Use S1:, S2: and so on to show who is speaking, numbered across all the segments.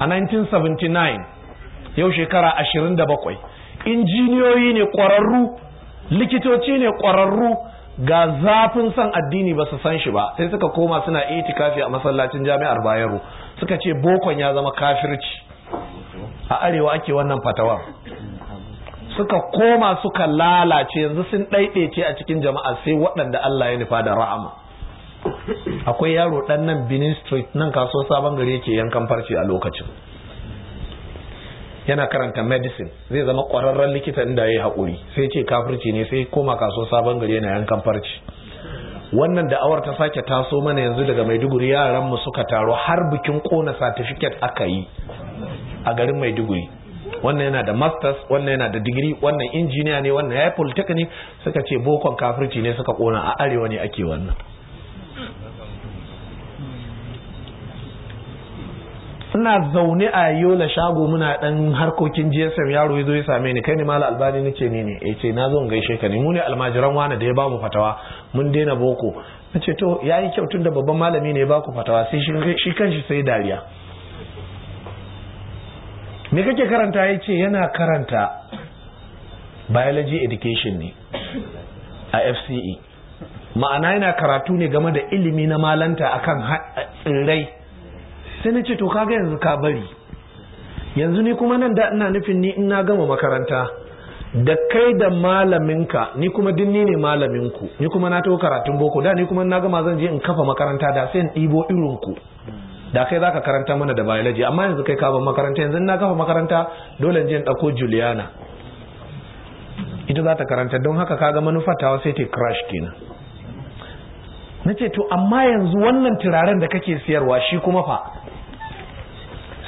S1: a 1979 yau shekara 27 injiniyoyi ne kwararru likitoci ne kwararru ga zafin san addini ba su san shi ba sai suka koma suna itikafi a masallacin jami'ar bayero suka ce bokon ya zama kafirci a arewa ake wannan fatawar suka koma suka lalace yanzu sun ɗaiɗaice a cikin jama'a sai waɗanda Allah ya nufa da ra'ama akwai yaro dan nan Benin Street nan kaso sabon gari yake yankan farce a lokacin yana karanta medicine zai zama kwararren likita inda ya yi haƙuri sai ce kafirci ne sai koma kaso sabon gari yana yankan farce wannan da awar ta sake taso mana yanzu daga maiduguri yaran mu suka taro har bikin kona certificate aka yi a garin maiduguri wannan yana da masters wannan yana da digiri wannan injiniya ne wannan ya yi polytechnic suka ce bokon kafirci ne suka kona a arewa ne ake wannan Suna zaune a yola shago muna dan harkokin gsm yaro ya zo ya same ni kai ne mala albani ce ni ne ce na zo gaishe ka ne mu ne almajiran wani da ya bamu fatawa mun daina boko Na ce to ya yi kyau tunda babban malami ne ya baku fatawa sai shi shi sai dariya me kake karanta ya ce yana karanta biology education ne a FCE ma'ana yana karatu ne game da ilimi na malanta akan tsirrai sai na ce to kaga yanzu ka bari yanzu ni kuma nan da ina nufin ni ina gama makaranta da kai da malaminka ni kuma dinni ne malaminku ni kuma na taho karatun boko da ni kuma na gama zan je in kafa makaranta da sai in ɗibo irinku da kai zaka karanta mana da biology amma yanzu kai ka makaranta yanzu na kafa makaranta dole in je in ɗauko Juliana ita za ta karanta don haka kaga manufa ta sai ta crash kenan na ce to amma yanzu wannan turaren da kake siyarwa shi kuma fa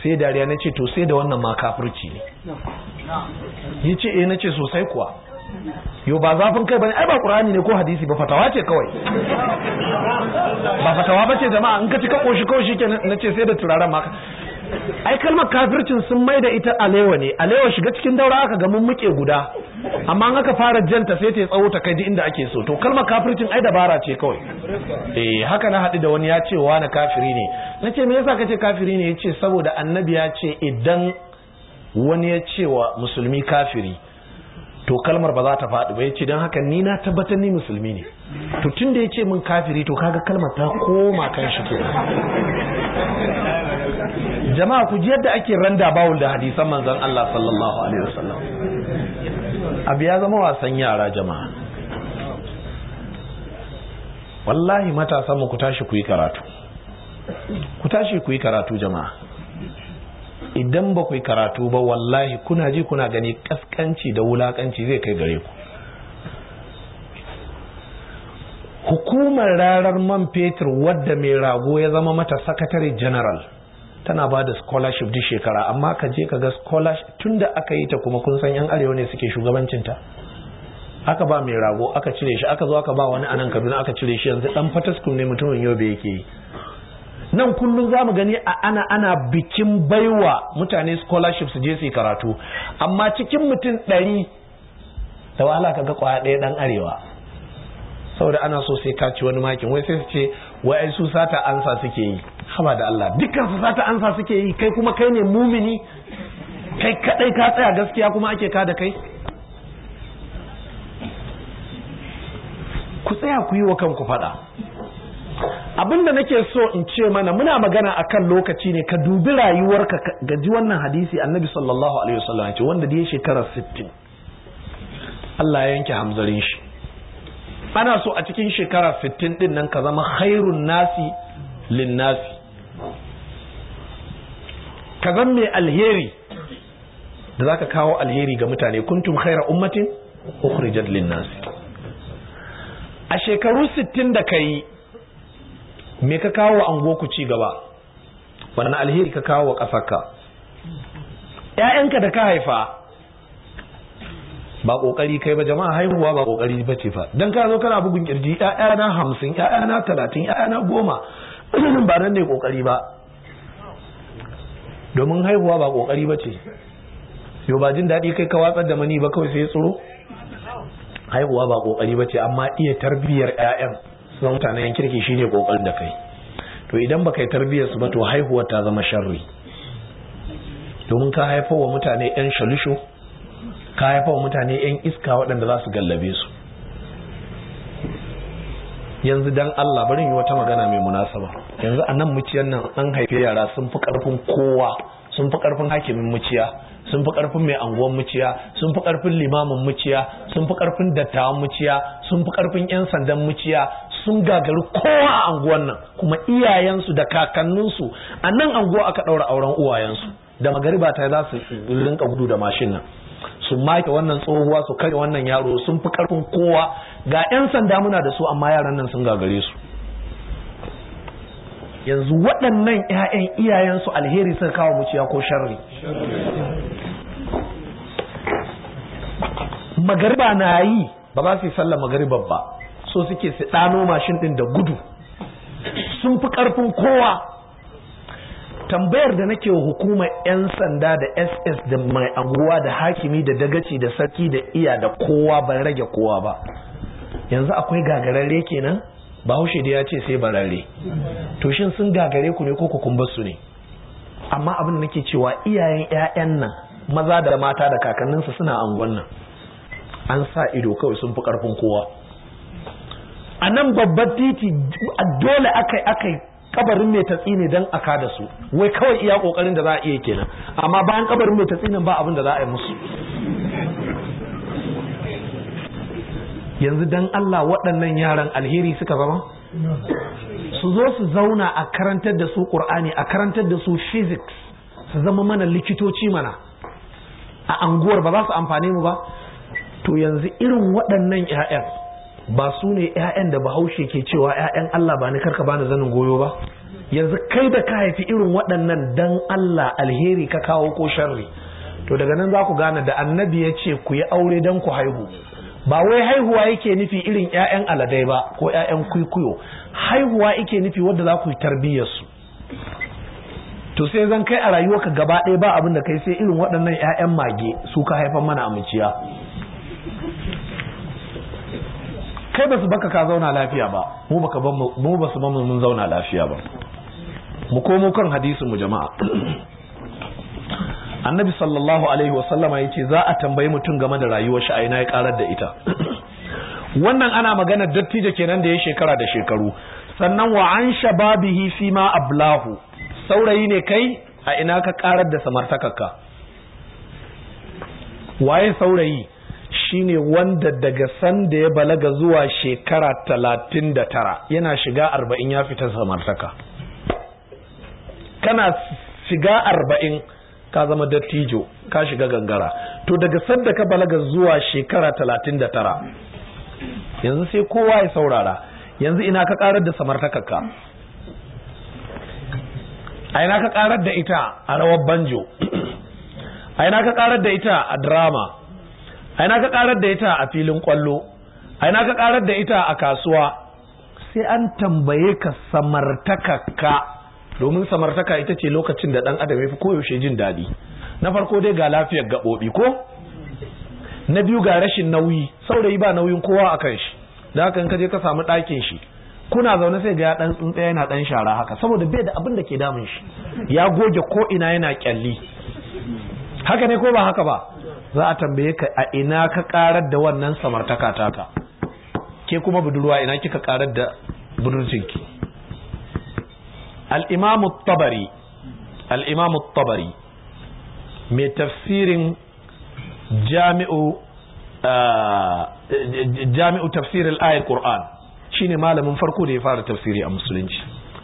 S1: sai dariya na ce to sai da wannan ma kafirci ne ya ce eh na ce sosai kuwa yau ba zafin kai bane ai ba ƙurani ne ko hadisi ba fatawa ce kawai ba fatawa ba ce jama'a in ka ci ka ƙoshi kawai ke na ce sai da turaren maka ai kalmar kafircin sun mai da ita alewa ne alewa shiga cikin daura aka ga mun muke guda amma an aka fara janta sai ta tsawo ta kai inda ake so to kalmar kafircin ai dabara ce kawai eh haka na haɗu da wani ya ce wani kafiri ne Na ce me yasa ka ce kafiri ne Ya ce saboda annabi ya ce idan wani ya ce wa musulmi kafiri to kalmar ba za ta faɗi ba ya ce don haka ni na tabbatar ni musulmi ne to tun da ya ce min kafiri to kaga kalmar ta koma kan shi jama'a ku ji yadda ake randa bawul da hadisan manzon Allah sallallahu alaihi wasallam abi ya zama wasan yara jama'a wallahi matasa mu ku tashi ku yi karatu ku tashi ku yi karatu jama'a idan ba ku yi karatu ba wallahi kuna ji kuna gani kaskanci da wulakanci zai kai gare ku hukumar rarar man fetur wadda mai rago ya zama mata sakatare general tana ba da scholarship duk shekara amma ka je ka ga scholarship tun da aka yi ta kuma kun san yan arewa ne suke shugabancinta aka ba mai rago aka cire shi aka zo aka ba wani anan kaduna aka cire shi yanzu dan fataskun ne mutumin yobe yake yi nan kullum za mu gani a ana ana bikin baiwa mutane scholarship su je su yi karatu amma cikin mutum ɗari da wahala ka ga kwaya ɗaya ɗan arewa saboda ana so sai ka ci wani makin wai sai su ce wa'ai su sata ansa suke yi haba da Allah dukkan su sata ansa suke yi kai kuma kai ne mumini kai kadai ka tsaya gaskiya kuma ake ka da kai ku tsaya ku yi wa kanku fada abinda nake so in ce mana muna magana akan lokaci ne ka dubi rayuwarka gaji wannan hadisi annabi sallallahu alaihi wasallam ce wanda da ya shekara 60 Allah ya yanke hamzarin shi ana so a cikin shekara 60 din nan ka zama khairun nasi lin nasi ka zan mai alheri da za ka kawo alheri ga mutane kuntum khaira ummatin ukhrijat lin nasi a shekaru 60 da kai me ka kawo ango ku ci gaba wannan alheri ka kawo wa kasarka ƴaƴanka da ka haifa ba kokari kai ba jama'a haihuwa ba kokari ba ce fa dan ka zo kana bugun kirji ƴaƴa na 50 ƴaƴa na 30 ƴaƴa na 10 ba nan ne kokari ba domin haihuwa ba kokari ba ce yo ba jin daɗi kai ka watsar da mani ba kawai sai tsoro haihuwa ba kokari ba ce amma iya tarbiyyar ƴaƴan sun mutanen kirki shine kokarin da kai to idan baka yi tarbiyyar su ba to haihuwa ta zama sharri domin ka haifar wa mutane yan shalisho ka haifa wa mutane 'yan iska waɗanda za su gallabe su yanzu dan Allah bari yi wata magana mai munasaba yanzu a nan muciyar nan an haife yara sun fi ƙarfin kowa sun fi ƙarfin hakimin muciya sun fi karfin mai anguwan muciya sun fi ƙarfin limamin muciya sun fi karfin dattawan muciya sun fi ƙarfin yan sandan muciya sun gagari kowa a anguwan nan kuma iyayensu da kakanninsu a nan anguwa aka ɗaura auren uwayensu da magariba ta za su rinka gudu da mashin nan su make wannan tsohuwa su kare wannan yaro sun fi karfin kowa ga 'yan sanda muna da su amma yaran nan sun gagare su yanzu waɗannan 'ya'yan iyayensu alheri sun kawo muciya ko sharri magariba na yi ba ba su yi magariba ba so suke su ɗano mashin ɗin da gudu sun fi ƙarfin kowa tambayar da nake wa hukumar 'yan sanda da ss da mai anguwa da hakimi da dagaci da sarki da iya da kowa ban rage kowa ba yanzu akwai gagararre kenan bahaushe da ya ce sai bararre to shin sun gagare ku ne ko ku kumbar su ne amma abin da nake cewa iyayen 'ya'yan nan maza da mata da kakanninsu suna angon nan an sa ido kawai sun fi karfin kowa a nan babbar titi dole akai kabarin mai tatsi ne don aka da su wai kawai iya kokarin da za a iya kenan amma bayan kabarin mai tatsi nan ba abin da za a yi musu yanzu don Allah waɗannan yaran alheri suka zama su zo su zauna a karantar da su Qur'ani a karantar da su physics su zama mana likitoci mana a anguwar ba za su amfani mu ba to yanzu irin waɗannan 'ya'yan ba su ne 'ya'yan da bahaushe ke cewa 'ya'yan Allah ba ni karka bani zanin goyo ba yanzu kai da ka haifi irin waɗannan dan Allah alheri ka kawo ko sharri to daga nan za ku gane da annabi ya ce ku yi aure dan ku haihu ba wai haihuwa yake nufi irin 'ya'yan aladai ba ko 'ya'yan kwikwiyo haihuwa yake nufi wadda za ku yi tarbiyyar su to sai zan kai a rayuwarka gaba ɗaya ba abin da kai sai irin waɗannan 'ya'yan mage su ka haifan mana aminciya. kai ba su baka ka zauna lafiya ba mu baka ba mu ba su mun zauna lafiya ba mu komo kan hadisin mu jama'a annabi sallallahu alaihi wa ya ce za a tambayi mutum game da rayuwar shi a ya karar da ita wannan ana maganar dattijo kenan da ya shekara da shekaru sannan wa an shababihi fi ma ablahu saurayi ne kai a ina ka karar da samartakarka waye saurayi shine wanda daga sanda ya balaga zuwa shekara talatin da tara yana shiga arba'in ya fita samartaka kana shiga arba'in ka zama dattijo ka shiga gangara to daga sanda ka balaga zuwa shekara talatin da tara yanzu sai kowa ya saurara yanzu ina ka karar da ka a ina ka karar da ita a rawar banjo a ina ka karar da ita a drama ai na ka karar da ita a filin kwallo aina na ka karar da ita a kasuwa sai an tambaye ka samartaka ka domin samartaka ita ce lokacin da dan adam ya fi koyaushe jin daɗi na farko dai ga lafiyar gaɓoɓi ko na biyu ga rashin nauyi saurayi ba nauyin kowa a kan shi da haka in ka je ka samu ɗakin shi kuna zaune sai ga ya dan tsuntsaye yana dan shara haka saboda bai da abin da ke damun shi ya goge ko ina yana kyalli haka ne ko ba haka ba za a tambaye ka a ina ka karar da wannan samartaka taka ke kuma budurwa ina kika karar da budurcinki al-imam tabari al tabari mai tafsirin jami'u ah, jami'u tafsirin al-ayat shi shine malamin farko da ya fara tafsiri a musulunci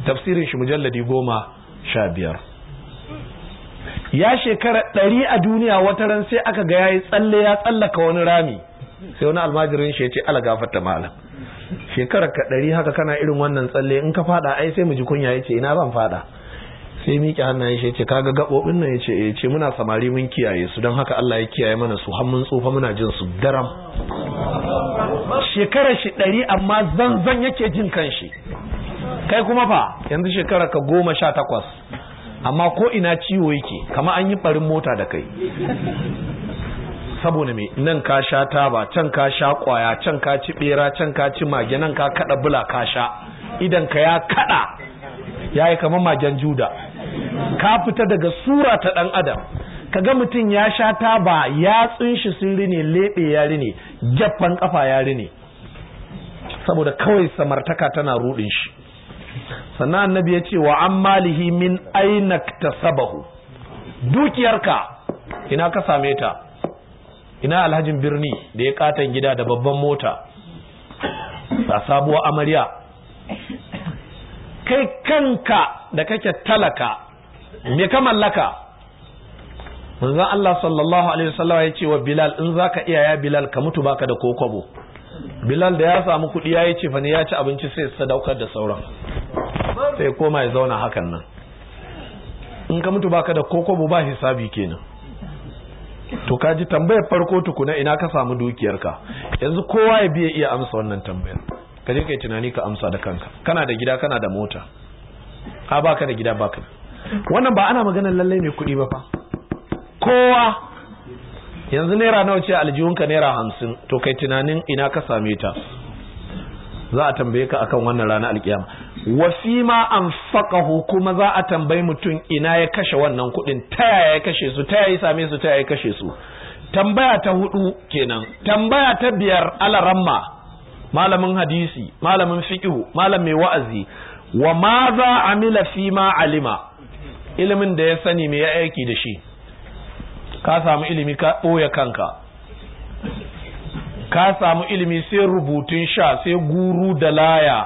S1: tafsirin shi mujalladi goma sha biyar ya shekara ɗari a duniya wata ran sai aka ga yayi tsalle ya tsallaka wani rami sai wani almajirin shi ya ce ala gafarta malam shekarar ka ɗari haka kana irin wannan tsalle in ka fada ai sai mu ji kunya ya ce ina ban fada sai miƙe hannayen shi ya ce kaga gaɓoɓin nan ya ce eh, ce muna samari mun kiyaye su don haka Allah ya kiyaye mana su har mun tsufa muna jin su daram Shekara shi ɗari amma zanzan yake jin kanshi kai kuma fa yanzu shekarar ka goma sha takwas amma ko ina ciwo yake kama an yi barin mota da kai saboda me nan ka sha taba can ka sha kwaya can ka ci bera can ka ci mage nan ka kada bula ka sha idan ka ya kada yi kama magen juda ka fita daga sura ta dan adam kaga mutum ya sha taba yatsun shi sun rini lebe ya rini jaffan kafa ya rine saboda kawai samartaka tana rudin shi sannan annabi ya ce wa an malihi min ta sabahu dukiyarka ina ka same ta ina alhajin birni da ya katon gida da babban mota da sabuwa amarya kai kanka da kake talaka me ka mallaka Wanzan Allah sallallahu alaihi wasallam ya ce wa Bilal in za ka iyaya Bilal ka mutu baka da kokobo bilal da ya samu kuɗi ya yi cefane ya ci abinci sai sadaukar da sauran sai koma ya zauna hakan nan in ka mutu baka da kokobo ba hisabi kenan to ka ji tambayar farko tukuna ina ka samu dukiyarka yanzu kowa ya biya iya amsa wannan tambayar ka je kai tunani ka amsa da kanka kana da gida kana da mota a baka da gida baka wannan ba ana maganar lallai mai kuɗi ba fa kowa yanzu naira nawa ce aljihun ka naira hamsin to kai tunanin ina ka same ta za a tambaye ka akan wannan rana alkiyama wasi ma an faqahu kuma za a tambayi mutum ina ya kashe wannan kuɗin ta yaya ya kashe su ta yaya ya same su ta yaya ya kashe su tambaya ta hudu kenan tambaya ta biyar alaramma malamin hadisi malamin fiqhu malam mai wa'azi wa ma za amila fi ma alima ilimin da ya sani me ya aiki da shi ka samu ilimi ka ɓoye kanka ka samu ilimi sai rubutun sha sai guru da laya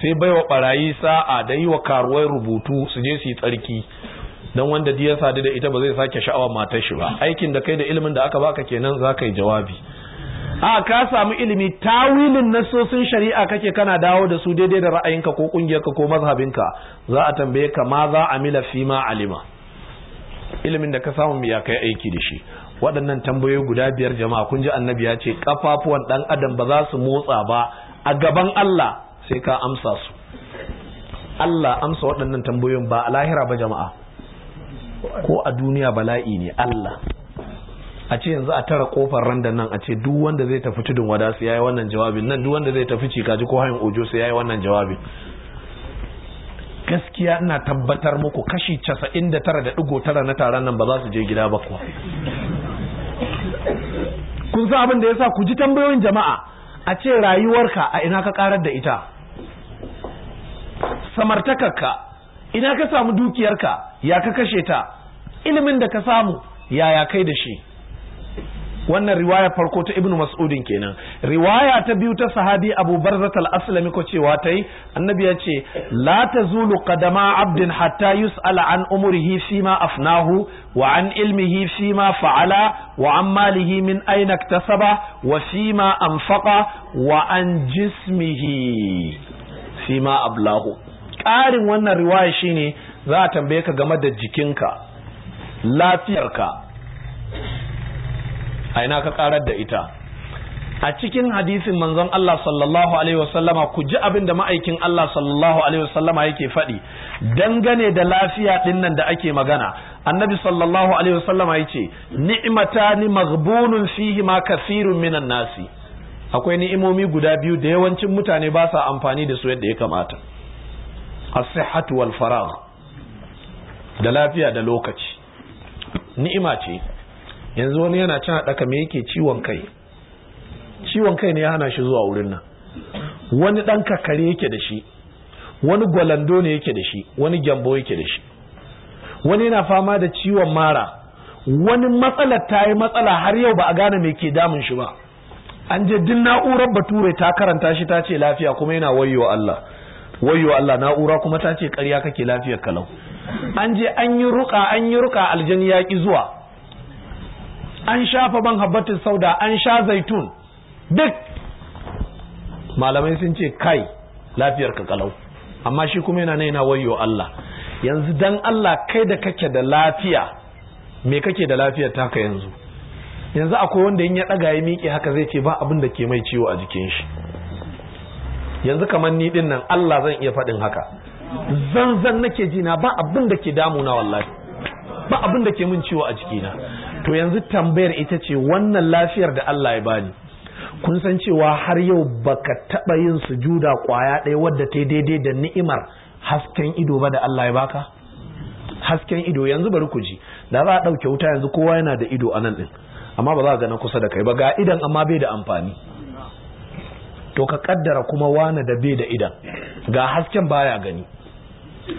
S1: sai baiwa barayi sa'a da yi wa karuwar rubutu su je su yi tsarki don wanda ya sadu da ita ba zai sake sha'awar matar shi ba aikin da kai da ilimin da aka baka kenan za ka yi jawabi a ka samu ilimi tawilin nasosin shari'a kake kana dawo da su daidai da ra'ayinka ko kungiyarka ko mazhabinka za a tambaye ka ma za a mila fima alima ilimin da ka samu ya kai aiki da shi waɗannan tambayoyi guda biyar jama'a kun ji annabi ya ce kafafuwan dan adam ba za su motsa ba a gaban Allah sai ka amsa su Allah amsa waɗannan tambayoyin ba a lahira ba jama'a ko a duniya bala'i ne Allah a ce yanzu a tara kofar randan nan a ce duk wanda zai tafi tudun wada sai yayi wannan jawabin nan duk wanda zai tafi cikaji ko hayin ojo sai yayi wannan jawabin gaskiya ina tabbatar muku kashi 99.9 na taron nan ba za su je gida ba kuwa kun sa abin da ya sa ku ji tambayoyin jama'a a ce rayuwarka a ina ka karar da ita samartakarka ina ka samu dukiyarka ya ka kashe ta ilimin da ka samu yaya kai da shi wannan riwaya farko ta ibnu mas'udin kenan riwaya ta biyu ta sahabi abu barzat al-aslami ko cewa ta yi annabi ya ce la tazulu qadama abdin hatta yus'ala an umrihi fi ma afnahu wa an ilmihi fi ma fa'ala wa an malihi min aina iktasaba wa fi ma anfaqa wa an jismihi fi ma ablahu ƙarin wannan riwaya shine za a tambaye ka game da jikinka lafiyarka a ina ka karar da ita a cikin hadisin manzon Allah sallallahu alaihi wasallama ku ji abin da ma'aikin Allah sallallahu alaihi wasallama yake faɗi dangane da lafiya ɗin nan da ake magana annabi sallallahu alaihi wasallama yace ni'matani maghbunun fihi ma kasirun minan nasi akwai ni'imomi guda biyu da yawancin mutane ba sa amfani da su yadda ya kamata as-sihhatu wal faragh da lafiya da lokaci ni'ima ce yanzu wani yana cin haɗaka mai yake ciwon kai ciwon kai ne ya hana shi zuwa wurin nan wani ɗan kakare yake da shi wani gwalando ne yake da shi wani gyambo yake da shi wani yana fama da ciwon mara wani matsalar ta yi matsala har yau ba a gane mai ke damun shi ba an je din na'urar bature ta karanta shi ta ce lafiya kuma yana wayo Allah wayo Allah na'ura kuma ta ce ƙarya kake lafiyar kalau an je an yi ruka an yi ruka aljan ya ki zuwa an shafa ban habbatin sauda an sha zaitun duk malamai sun ce kai lafiyar ka kalau amma shi kuma yana yana wayo Allah yanzu dan Allah kai da kake da lafiya me kake da lafiyar taka yanzu yanzu akwai wanda in ya daga ya miƙe haka zai ce ba abin da ke mai ciwo a jikin shi yanzu kamar ni din nan Allah zan iya faɗin haka zan zan nake jina ba abin da ke damuna wallahi ba abin da ke min ciwo a jikina to yanzu tambayar ita ce wannan lafiyar da Allah ya bani kun san cewa har yau baka taba yin sujuda kwaya ɗaya wadda ta daidai da ni'imar hasken ido ba da Allah ya baka hasken ido yanzu bari ku ji da za a ɗauke wuta yanzu kowa yana da ido a nan ɗin amma ba za a gana kusa da kai ba ga idan amma bai da amfani to ka kaddara kuma wane da bai da idan ga hasken baya gani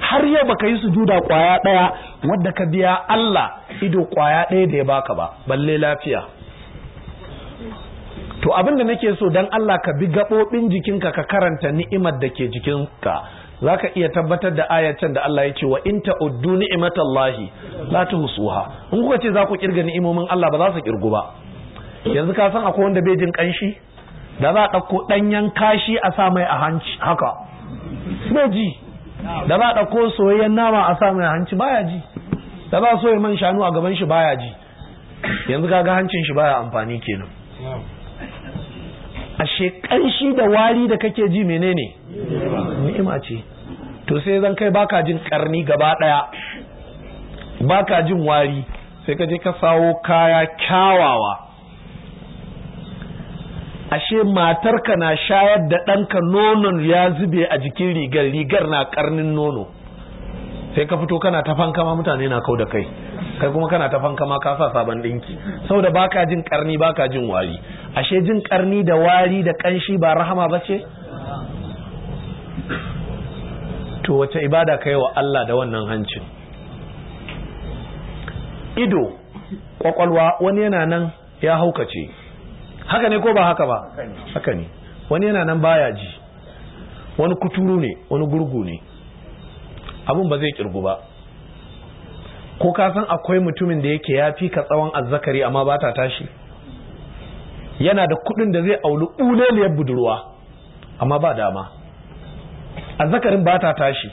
S1: har yau baka yi sujuda kwaya daya wadda ka biya Allah ido kwaya daya da ya baka ba balle lafiya to abinda nake so dan Allah ka bi gabobin jikinka ka karanta ni'imar da ke jikinka zaka iya tabbatar da ayatan da Allah ya ce wa in ta'uddu ni'matallahi la tuhsuha in kuka ce za ku kirga ni'imomin Allah ba za su kirgu ba yanzu ka san akwai wanda bai jin kanshi da za a ɗauko ɗanyen kashi a sa mai a hanci haka bai ji da ba ɗauko soyayyen nama a sa mai hanci baya ji da ba soya man shanu a gaban shi baya ji yanzu kaga hancin shi baya amfani kenan A ƙanshi da wari da kake ji menene ni'ima ce to sai zan kai baka jin karni gaba ɗaya baka jin wari sai ka je ka sawo kaya kyawawa ashe matarka na shayar da ɗanka nonon ya zube a jikin rigar rigar na karnin nono sai ka fito kana ta fankama mutane na kau da kai kai kuma kana ta fankama ka sa sabon ɗinki saboda baka jin karni baka jin wari ashe jin karni da wari da kanshi ba rahama ba ce to wace ibada ka yi wa Allah da wannan hancin ido kwakwalwa wani yana nan ya haukace haka ne ko ba haka ba haka ne wani yana nan baya ji wani kuturu ne wani gurgu ne abun ba zai kirgu ba ko ka san akwai mutumin da yake ya fi ka tsawon azzakari amma ba ta tashi yana da kudin da zai auli uleliyar budurwa amma ba dama azzakarin ba ta tashi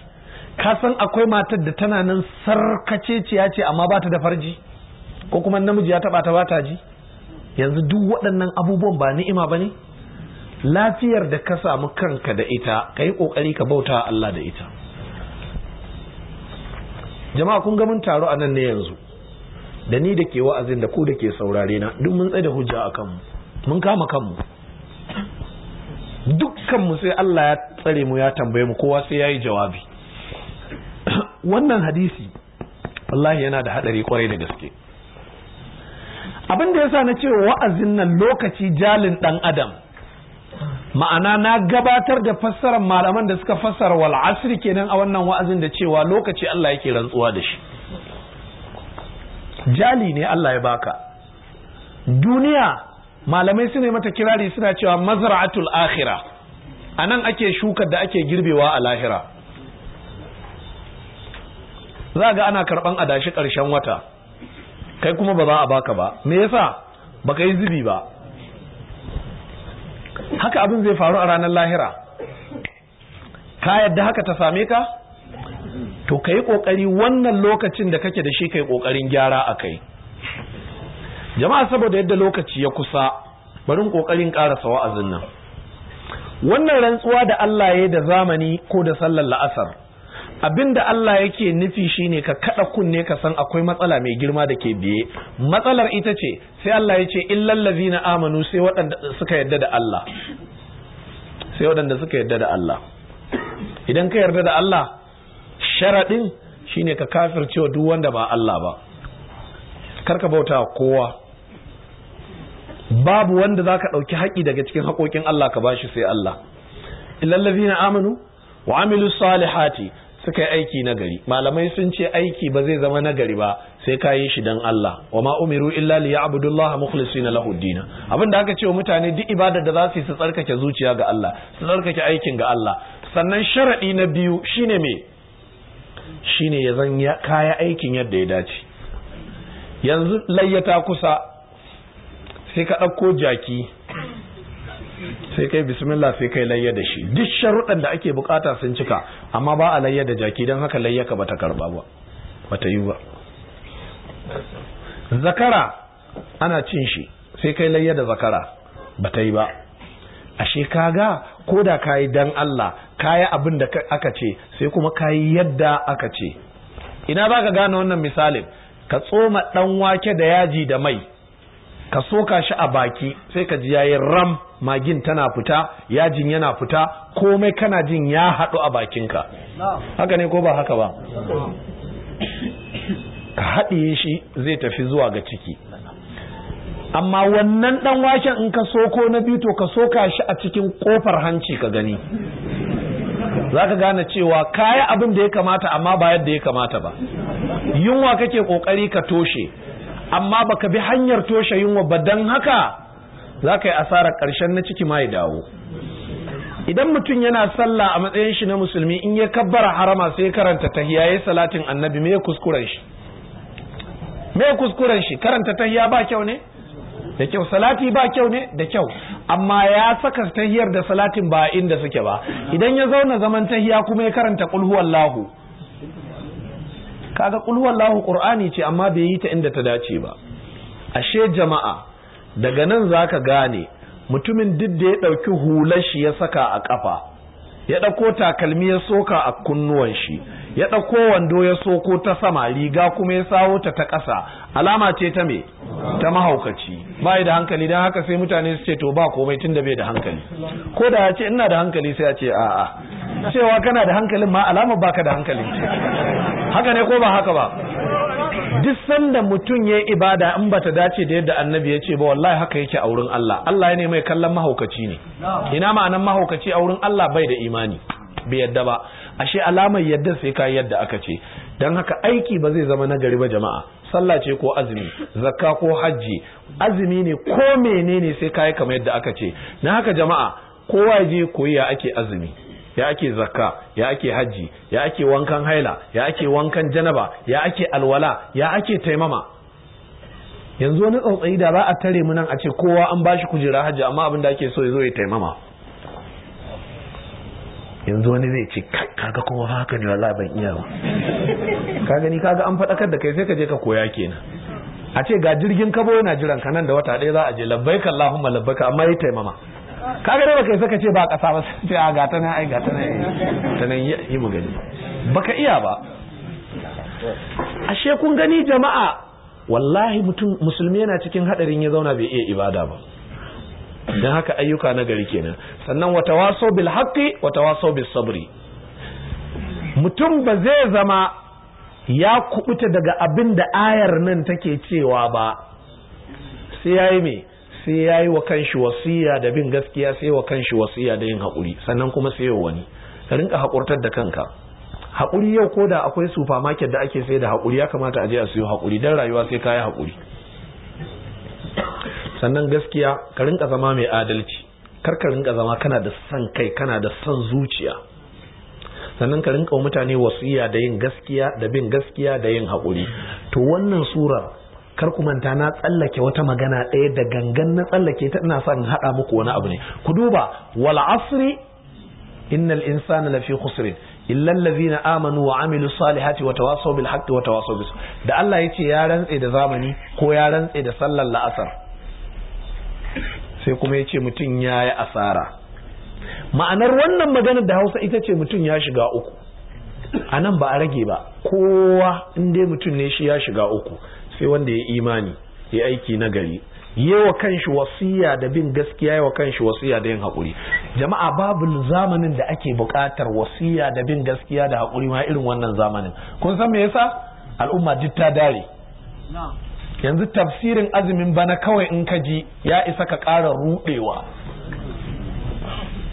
S1: ka san akwai matar da tana nan sarkace ce ya ce amma ba ta da farji ko kuma namiji ya taba ta ba ta ji yanzu duk waɗannan abubuwan ba ni'ima ba ne lafiyar da ka samu kanka da ita ka yi ƙoƙari ka bauta Allah da ita jama'a kun ga mun taro a nan ne yanzu da ni da ke wa'azin da ku da ke saurare na duk mun tsaye da hujja a kanmu mun kama kanmu dukkanmu sai Allah ya tsare mu ya tambaye mu kowa sai ya yi jawabi wannan hadisi wallahi yana da haɗari kwarai da gaske abin da yasa na ce wa'azin nan lokaci jalin dan adam ma'ana na gabatar da fassarar malaman da suka fassara wal asri kenan a wannan wa'azin da cewa lokaci Allah yake rantsuwa da shi jali ne Allah ya baka duniya malamai su mata kirari suna cewa mazra'atul akhirah anan ake shukar da ake girbewa a lahira za ga ana karban adashi ƙarshen wata kai kuma ba za a baka ba me yasa ba ka yi zubi ba haka abin zai faru a ranar lahira ka yadda haka ta same ka to ka yi ƙoƙari wannan lokacin da kake da shi ka yi ƙoƙarin gyara a kai jama'a saboda yadda lokaci ya kusa barin ƙoƙarin sawa wa'azin nan wannan rantsuwa da Allah ya da zamani ko da sallar la'asar Abin da Allah yake nufi shine ka kada kunne ka san akwai matsala mai girma da ke biye matsalar ita ce sai Allah ya ce illal ladzina amanu sai waɗanda suka yarda da Allah sai waɗanda suka yarda da Allah idan ka yarda da Allah sharadin shine ka wa duk wanda ba Allah ba Kar ka bauta kowa babu wanda zaka dauki haƙi daga cikin haƙoƙin Allah ka bashi sai Allah illal ladzina amanu wa amilu salihati suka yi aiki na gari malamai sun ce aiki ba zai zama na gari ba sai ka yi shi don Allah wa ma umiru illa li ya'budullaha mukhlisina lahu dina abin da aka ce wa mutane duk ibadar da za su yi su tsarkake zuciya ga Allah su tsarkake aikin ga Allah sannan sharadi na biyu shine me shine ya zan kaya aikin yadda ya dace yanzu layyata kusa sai ka ɗauko jaki sai kai bismillah sai kai layya da shi duk sharuɗan da ake bukata sun cika amma ba a layya da jaki don haka layyaka ka bata karba ba bata yi ba zakara ana cin shi sai kai layya da zakara bata yi ba ashe kaga ko da kayi dan Allah kayi abin da aka ce sai kuma kayi yadda aka ce ina baka gane wannan misalin ka tsoma dan wake da yaji da mai ka soka shi a baki sai ka ji yayi ram magin tana fita yajin yana fita komai kana jin ya haɗu a bakin ka. haka ne ko ba haka ba ka haɗiye shi zai tafi zuwa ga ciki amma wannan ɗan waken in ka so ko na biyu to ka soka shi a cikin ƙofar hanci ka gani za ka gane cewa kaya abin da ya kamata amma ba yadda ya kamata ba yunwa kake ƙoƙari ka toshe amma baka bi hanyar toshe yunwa ba dan haka za ka yi asarar ƙarshen na ciki ma ya dawo idan mutum yana sallah a matsayin shi na musulmi in ya kabbara harama sai karanta tahiya yi salatin annabi me kuskuren shi me kuskuren shi karanta tahiya ba kyau ne da kyau salati ba kyau ne da kyau amma ya saka tahiyar da salatin ba inda suke ba idan ya zauna zaman tahiya kuma ya karanta qul Wallahu. kaga qul huwallahu qur'ani ce amma bai yi ta inda ta dace ba ashe jama'a daga nan zaka gane mutumin duk da ya dauki hular shi ya saka a kafa ya ɗauko takalmi ya soka a kunnuwan shi ya ɗauko wando ya soko ta sama riga kuma ya sawo ta ta ƙasa alama ce ta me ta mahaukaci ba da hankali don haka sai mutane su ce to ba komai tun da bai da hankali ko da ya ce ina da hankali sai ya ce a'a cewa kana da hankalin ma alama baka da hankalin ce haka ne ko ba haka ba duk sanda mutum ya yi ibada in bata dace da yadda annabi ya ce ba wallahi haka yake a wurin Allah Allah ya ne mai kallon mahaukaci ne ina ma'anan mahaukaci a wurin Allah bai da imani bai yadda ba ashe alamar yadda sai ka yadda aka ce dan haka aiki ba zai zama nagari ba jama'a sallah ce ko azumi zakka ko hajji azumi ne ko menene sai ka yi kamar yadda aka ce na haka jama'a kowa je koyi ya ake azumi ya ake zakka ya ake hajji ya ake wankan haila ya ake wankan janaba ya ake alwala ya ake taimama yanzu wani tsautsayi da za a tare mu nan a ce kowa an bashi kujera hajji amma abin da ake so ya zo ya taimama yanzu wani zai ce kaga kuma haka ne wala ban iya ba ka gani kaga an faɗakar da kai sai ka je ka koya kenan a ce ga jirgin kabo yana jiran ka nan da wata ɗaya za a je labbaika allahumma labbaika amma ya taimama kaga dai baka saka ce ba kasa ba sai ce a ga ta ai ga ta nan ta nan yi mu baka iya ba ashe kun gani jama'a wallahi mutum musulmi yana cikin hadarin ya zauna bai iya ibada ba dan haka ayyuka na gari kenan sannan wa waso bil haqqi wa tawasaw bis sabri mutum ba zai zama ya kubuta daga abin da ayar nan take cewa ba sai yayi me sai ya yi wa kanshi wasiya da bin gaskiya sai wa kanshi wasiya da yin haƙuri sannan kuma sai wa wani ka rinka haƙurtar da kanka haƙuri yau ko da akwai supermarket da ake sai da haƙuri ya kamata a je a siyo haƙuri don rayuwa sai ka yi haƙuri sannan gaskiya ka rinka zama mai adalci kar ka rinka zama kana da son kai kana da son zuciya sannan ka rinka mutane wasiya da yin gaskiya da bin gaskiya da yin haƙuri to wannan surar kar ku manta na tsallake wata magana ɗaya da gangan na tsallake ta ina son haɗa muku wani abu ne ku duba wal asri innal insana lafi khusrin illa allazina amanu wa amilu salihati wa tawasaw bil haqqi wa tawasaw bis da Allah yace ya rantse da zamani ko ya rantse da sallar la'asar sai kuma yace mutum yayi asara ma'anar wannan maganar da Hausa ita ce mutum ya shiga uku a nan ba a rage ba kowa in dai mutum ne shi ya shiga uku sai wanda ya imani ya aiki na gari yawa kanshi wasiya da bin gaskiya yawa kanshi wasiya da yin haƙuri jama'a babu zamanin da ake buƙatar wasiya da bin gaskiya da haƙuri ma irin wannan zamanin kun san me yasa al'umma duk ta dare yanzu tafsirin azumin bana kawai in ka ji ya isa ka ƙara ruɗewa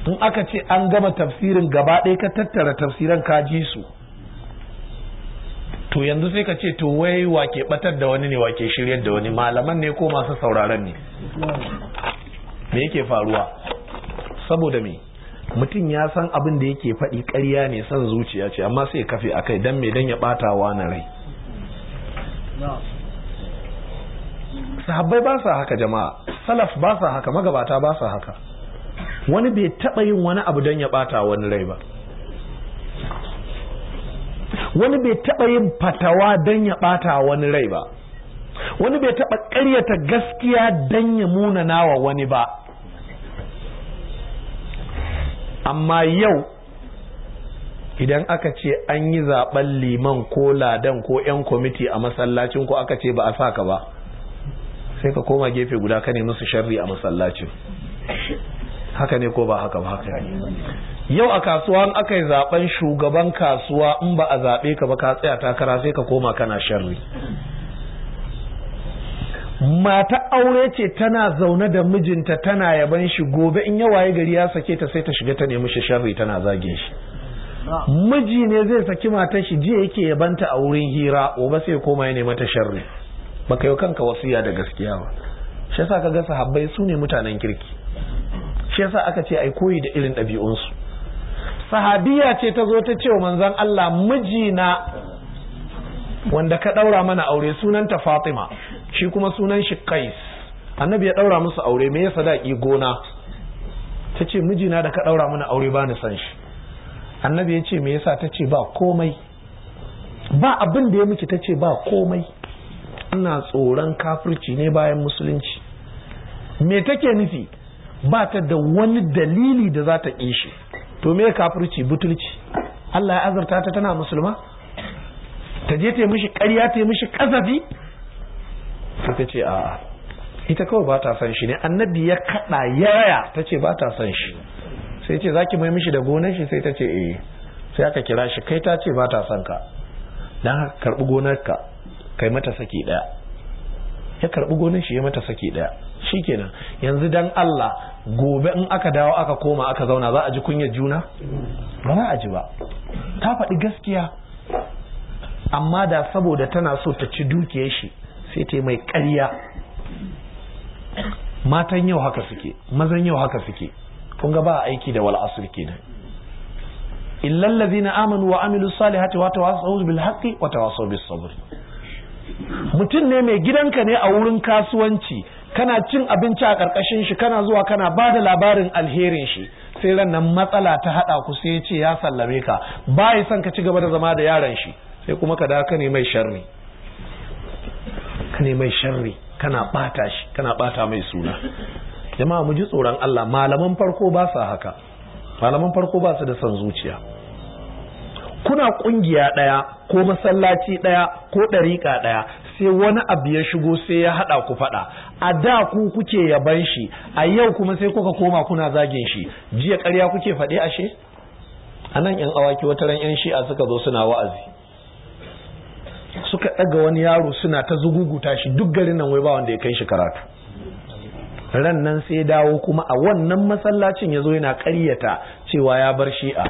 S1: in aka ce an gama tafsirin gaba ɗaya ka tattara tafsiran ka ji su to yanzu sai ka ce to wai wake batar da wani ne wake shiryar da wani malaman ne ko masu sauraron ne me yake faruwa saboda me mutum ya san abin da yake faɗi karya ne san zuciya ce amma sai kafe a kai don me don ya ɓata wa na rai sahabbai ba sa haka jama'a salaf ba sa haka magabata ba sa haka wani bai taɓa yin wani abu dan ya ɓata wani rai ba wani bai taɓa yin fatawa don ya ɓata wani rai ba wani bai taɓa ƙaryata gaskiya don ya munana wa wani ba amma yau idan aka ce an yi zaɓen liman ko ladan ko 'yan kwamiti a masallacin ko aka ce ba a saka ba sai ka koma gefe guda ka ne musu sharri a masallacin haka ne ko ba haka ba haka yau a kasuwa in aka yi zaben shugaban kasuwa in ba a zaɓe ka ba ka tsaya takara sai ka koma kana sharri mata aure ce tana zaune da mijinta tana yaban shi gobe in yawa ya gari ya sake ta sai ta shiga ta nemi shi sharri tana zagin shi miji ne zai saki matar shi jiya yake yabanta a wurin hira gobe sai koma ya nemi ta sharri baka yi kanka wasiya da gaskiya ba shi yasa kaga sahabbai su ne mutanen kirki shi yasa aka ce ai koyi da irin ɗabi'unsu sahabiya ce ta zo ta ce wa manzon Allah mijina wanda ka daura mana aure sunanta Fatima shi kuma sunan shi Qais annabi ya daura musu aure me da ki gona ta ce mijina da ka daura mana aure ba ni san shi annabi ya ce me yasa ta ce ba komai ba abin da ya miki ta ce ba komai ina tsoron kafirci ne bayan musulunci me take nufi ba ta da wani dalili da za ta ƙi to me kafirci butulci Allah ya azurta ta tana musulma ta je ta mishi ƙarya ta mishi kasafi sai ta ce a'a ita kawai ba ta san shi ne annabi ya kaɗa yaya ta ce ba ta san shi sai ce ki mai mishi da gonar shi sai ta ce eh sai aka kira shi kai ta ce ba ta san ka dan haka gonar Ka kai mata saki ɗaya. ya karɓi gonar shi ya mata saki Shi shikenan yanzu dan Allah gobe in aka dawo aka koma aka zauna za a ji kunyar juna ba za a ji ba ta faɗi gaskiya amma da saboda tana so ta ci dukiyar shi sai ta mai ƙarya matan yau haka suke mazan yau haka suke kun ga ba aiki da ke asr kenan illal ladina amanu wa amilu salihati wa tawassaw bil haqqi wa tawassaw bis sabr mutum ne mai gidanka ne a wurin kasuwanci kana cin abinci a ƙarƙashin shi kana zuwa kana ba da labarin alherin shi sai ran nan matsala ta haɗa ku sai ya ce ya sallame ka ba ya son ka ci gaba da zama da yaron shi sai kuma ka da ka ne mai sharri ka mai sharri kana ɓata mai suna jama'a mu ji tsoron Allah malaman farko ba sa haka malaman farko ba su da son zuciya kuna kungiya ɗaya ko masallaci ɗaya ko ɗariƙa ɗaya sai wani abu ya shigo sai ya haɗa ku faɗa a da ku kuke yaban shi a yau kuma sai kuka koma kuna zagin shi jiya karya kuke faɗi ashe a nan yan awaki wata ran yan shi'a suka zo suna wa'azi suka ɗaga wani yaro suna ta zuguguta shi duk garin nan wai ba wanda ya kai shi karatu ran nan sai dawo kuma a wannan masallacin ya zo yana ƙaryata cewa ya bar shi'a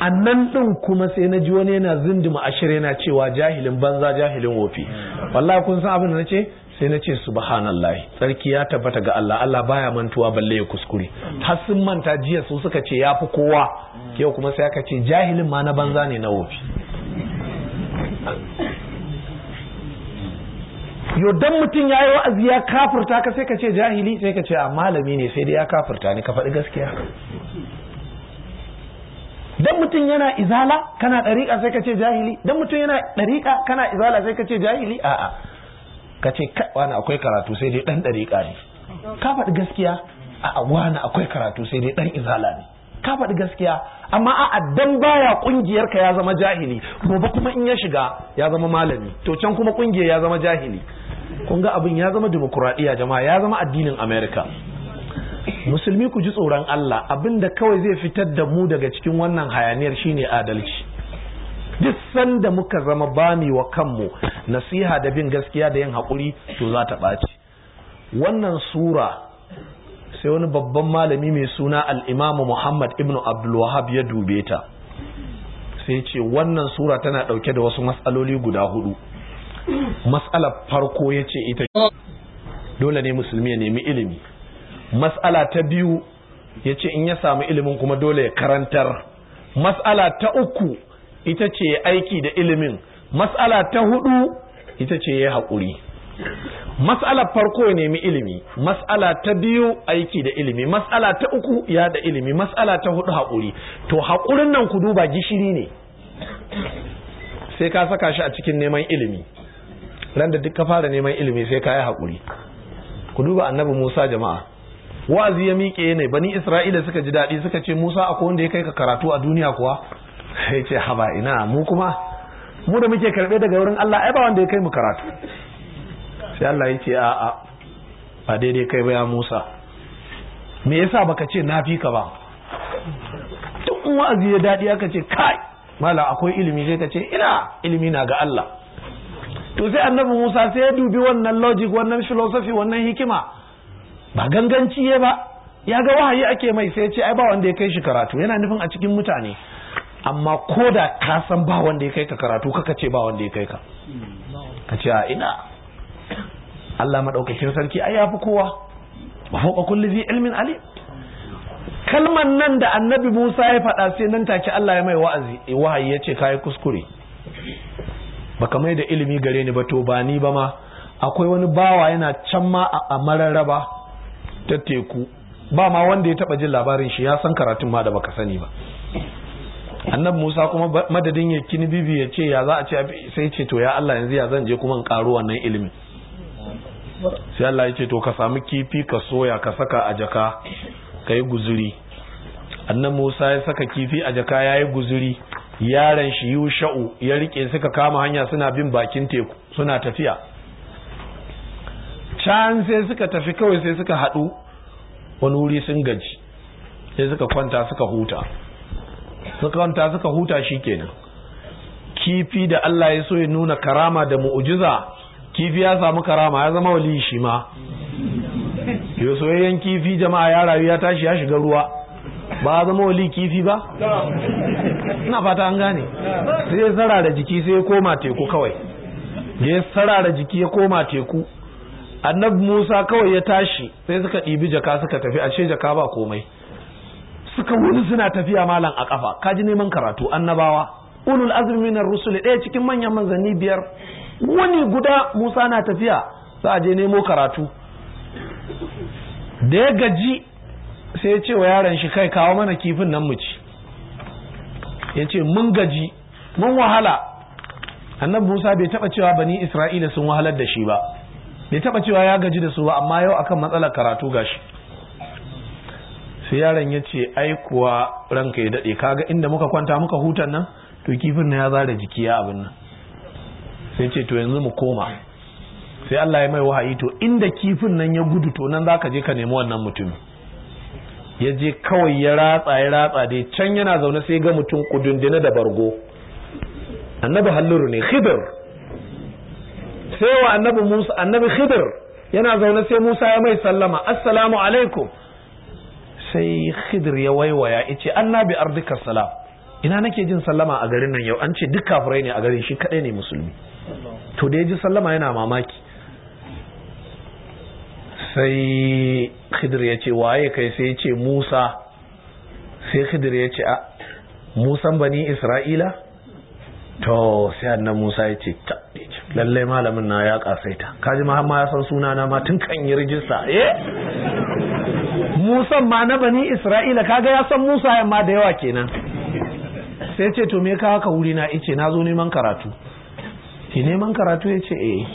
S1: a nan ɗin kuma sai na ji wani yana zindima ashirin yana cewa jahilin banza jahilin wofi wallahi kun san abin da na ce sai na ce subhanallah sarki ya tabbata ga Allah Allah baya mantuwa balle ya kuskure har sun manta jiya su suka ce yafi kowa yau kuma sai aka ce jahilin ma na banza ne na wofi yo dan mutum ya yi wa'azi ya kafirta ka sai ka ce jahili sai ka ce a ah, malami ne sai dai ya kafirta ne ka faɗi gaskiya dan mutum yana izala kana ɗariƙa sai ka ce jahili dan mutum yana ɗariƙa kana izala sai ka ce jahili a'a ka ce wani akwai karatu sai dai ɗan dariƙa ne ka faɗi gaskiya a wani akwai karatu sai dai ɗan izala ne ka faɗi gaskiya amma a addan baya ƙungiyarka ka ya zama jahili gobe kuma in ya shiga ya zama malami to can kuma ƙungiyar ya zama jahili kun ga abin ya zama demokuraɗiyya jama'a ya zama addinin america musulmi ku ji tsoron allah abin da kawai zai fitar da mu daga cikin wannan hayaniyar shine adalci duk sanda muka zama bami wa kanmu nasiha da bin gaskiya da yin haƙuri to za ta ɓaci wannan sura sai wani babban malami mai suna al'imamu muhammad ibn abdulwahab ya dube ta sai ce wannan sura tana ɗauke da wasu matsaloli guda hudu matsalar farko ya ce ita dole ne musulmi ya nemi ilimi matsala ta biyu ya ce in ya samu ilimin kuma dole ya karantar matsala ta uku ita ce aiki da ilimin matsala ta hudu ita ce ya haƙuri matsala farko ya nemi ilimi matsala ta biyu aiki da ilimi matsala ta uku ya da ilimi matsala ta hudu haƙuri to haƙurin nan ku duba gishiri ne sai ka saka shi a cikin neman ilimi ran da duk ka fara neman ilimi sai ka yi haƙuri ku duba annabi musa jama'a wa'azi ya miƙe ne bani isra'ila suka ji daɗi suka ce musa akwai wanda ya kai ka karatu a duniya kuwa sai ce haba ina mu kuma mu da muke karbe daga wurin Allah ai ba wanda ya kai mu karatu sai Allah ya ce a a ba daidai kai ba ya Musa me yasa baka ce na fi ka ba duk wa'azi ya dadi aka ce kai mala akwai ilimi sai ka ce ina ilimi na ga Allah to sai annabi Musa sai ya dubi wannan logic wannan philosophy wannan hikima ba ganganci ba ya ga wahayi ake mai sai ya ce ai ba wanda ya kai shi karatu yana nufin a cikin mutane amma ko da ka san ba wanda ya kai ka karatu kaka ce ba wanda ya kai ka ka ce ina Allah maɗaukakin sarki ai ya fi kowa ba fauka kulli zai ilmin ali kalman nan da annabi musa ya faɗa sai nan take Allah ya mai wa'azi eh, wahayi ya ce kayi kuskure baka mai da ilimi gare ni ba to ba ni ba ma akwai wani bawa yana can ma a mararraba ta teku ba ma wanda ya taɓa jin labarin shi ya san karatun ma da baka sani ba annabi Musa kuma madadin ya kini bibi ya ce ya za a ce sai ce to ya Allah yanzu ya zan je kuma in karo wannan ilimin sai Allah ya ce to ka samu kifi ka soya ka saka a jaka ka yi guzuri annan Musa ya saka kifi a jaka ya yi guzuri yaran shi yi sha'u ya rike suka kama hanya suna bin bakin teku suna tafiya can sai suka tafi kawai sai suka haɗu wani wuri sun gaji sai suka kwanta suka huta suka wanta suka huta shi kenan kifi da Allah ya so ya nuna karama da mu'ujiza kifi ya samu karama ya zama wali shi ma yau soyayyen kifi jama'a ya rayu ya tashi ya shiga ruwa ba zama wali kifi ba na fata an gane sai ya sarara jiki sai ya koma teku kawai ya sarara jiki ya koma teku annabi musa kawai ya tashi sai suka ɗibi jaka suka tafi a ce jaka ba komai suka wuni suna tafiya malam a kafa kaji neman karatu annabawa ulul azmi minar rusul ɗaya cikin manyan manzanni biyar wani guda Musa na tafiya za a je nemo karatu da ya gaji sai ya ce wa yaron shi kai kawo mana kifin nan mu ci ya ce mun gaji mun wahala annabi Musa bai taba cewa bani Isra'ila sun wahalar da shi ba bai taba cewa ya gaji da su ba amma yau akan matsalar karatu gashi sai yaron ya ce ai kuwa ranka ya daɗe kaga inda muka kwanta muka hutan nan to kifin na ya zara jiki ya abin nan sai ce to yanzu mu koma sai Allah ya mai wahayi to inda kifin nan ya gudu to nan za ka je ka nemi wannan mutumin ya je kawai ya ratsa ya ratsa dai can yana zaune sai ga mutum kudundune da bargo annabi halluru ne khidr sai wa annabi Musa annabi khidr yana zaune sai Musa ya mai sallama assalamu alaikum sai khidir ya waiwaya ya ce annabi ardika salam ina nake jin sallama a garin nan yau an ce duk kafirai ne a garin shi kadai ne musulmi to da ya ji sallama yana mamaki sai khidir ya ce waye kai sai ya ce musa sai khidir ya ce a musan bani isra'ila to sai annan musa ya ce ta lallai malamin na ya kasaita kaji ma ya san suna na ma tun kan yi rijista eh musan ma na bani isra'ila kaga ya san musa yamma da yawa kenan sai ce to me ka haka wuri na ice na zo neman karatu ki neman karatu ya ce eh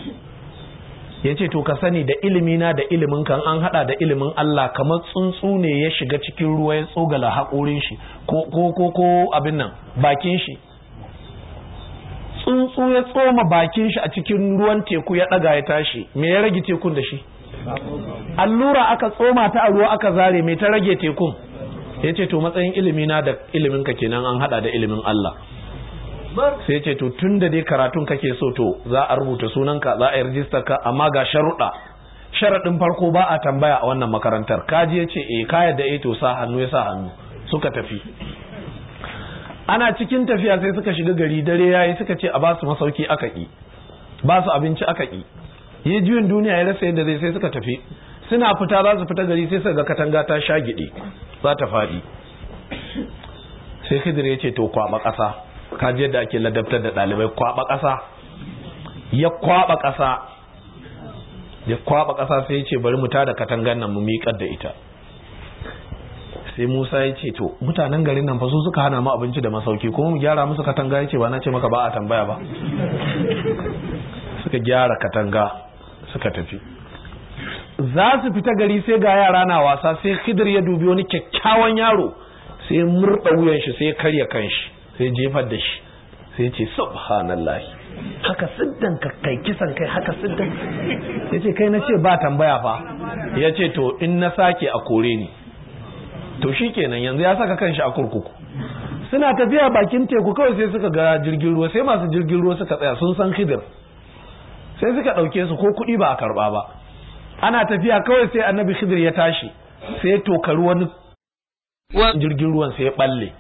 S1: ya ce to ka sani da ilimi na da ilimin kan an hada da ilimin Allah kamar tsuntsu ne ya shiga cikin ruwa ya tsogala haƙorin shi ko ko ko abin nan bakin shi tsuntsu ya tsoma bakin shi a cikin ruwan teku ya ɗaga ya tashi me ya rage tekun da shi allura aka tsoma ta a ruwa aka zare mai ta rage tekun ya ce to matsayin ilimi na da ilimin ka kenan an hada da ilimin Allah sai ce to tun da dai karatun kake so to za a rubuta sunan ka, za a yi rajistar ka amma ga sharuɗa sharaɗin farko ba a tambaya a wannan makarantar kaji ya ce eh kaya da eh to sa hannu ya sa hannu suka tafi ana cikin tafiya sai suka shiga gari dare yayi suka ce a ba su masauki aka ki ba abinci aka ki Yi juyin duniya ya rasa yadda zai sai suka tafi suna fita za su fita gari sai suka ga katanga ta sha gidi za ta faɗi sai khidir ya ce to kwaba ƙasa ka ji yadda ake ladabtar da ɗalibai kwaba ƙasa ya kwaba ƙasa ya kwaba ƙasa sai ya ce bari mu tada katangan nan mu miƙar da ita sai Musa ya ce to mutanen garin nan faso suka hana mu abinci da masauki kuma mu gyara musu katanga ya ce ba na ce maka ba a tambaya ba suka gyara katanga suka tafi za su fita gari sai ga yara na wasa sai khidir ya dubi wani kyakkyawan yaro sai murɗa wuyan shi sai karya kanshi sai jefar da shi sai ce subhanallah haka siddan ka kai kisan kai haka siddan ya ce kai na ce ba tambaya fa ya ce to in na sake a kore ni to shi kenan yanzu ya saka kanshi a kurkuku suna tafiya bakin teku kawai sai suka ga jirgin ruwa sai masu jirgin ruwa suka tsaya sun san khidir sai suka ɗauke su ko kuɗi ba a karɓa ba ana tafiya kawai sai annabi khidir ya tashi sai ya tokari wani jirgin ruwan sai ya balle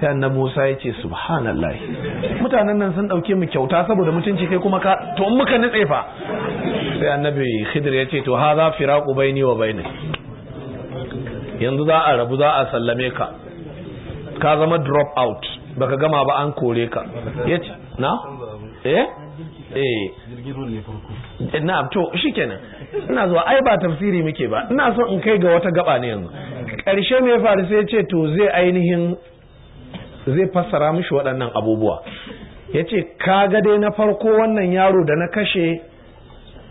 S1: sai annabi Musa ya ce subhanallah mutanen nan sun ɗauke mu kyauta saboda mutunci kai kuma ka to in muka nitse fa sai annabi Khidir ya ce to hadha firaqu baini wa bainak yanzu za a rabu za a sallame ka ka zama drop out baka gama ba an kore ka yace na eh Eh. Eh, ina zuwa ai ba tafsiri muke ba ina so in kai ga wata gaba ne yanzu karshe me faru sai ce to zai ainihin zai fassara mishi waɗannan abubuwa Ya yace kaga dai na farko wannan yaro da na kashe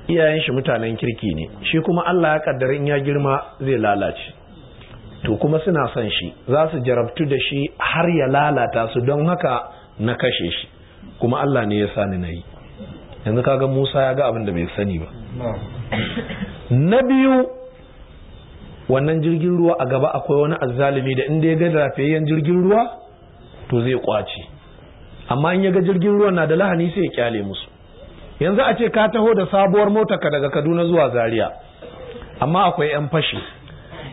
S1: iyayen shi mutanen kirki ne shi kuma Allah ya kaddara in ya girma zai lalace to kuma suna son shi za su jarabtu da shi har ya lalata su don haka na kashe shi kuma Allah ne ya sani na yi yanzu kaga Musa ya ga abin da bai sani ba na biyu wannan jirgin ruwa a gaba akwai wani azzalumi da inda ya ga rafiyayyen jirgin ruwa to zai kwace amma in ya ga jirgin ruwa na da lahani sai ya kyale musu yanzu a ce ka taho da sabuwar ka daga Kaduna zuwa Zariya. amma akwai yan fashi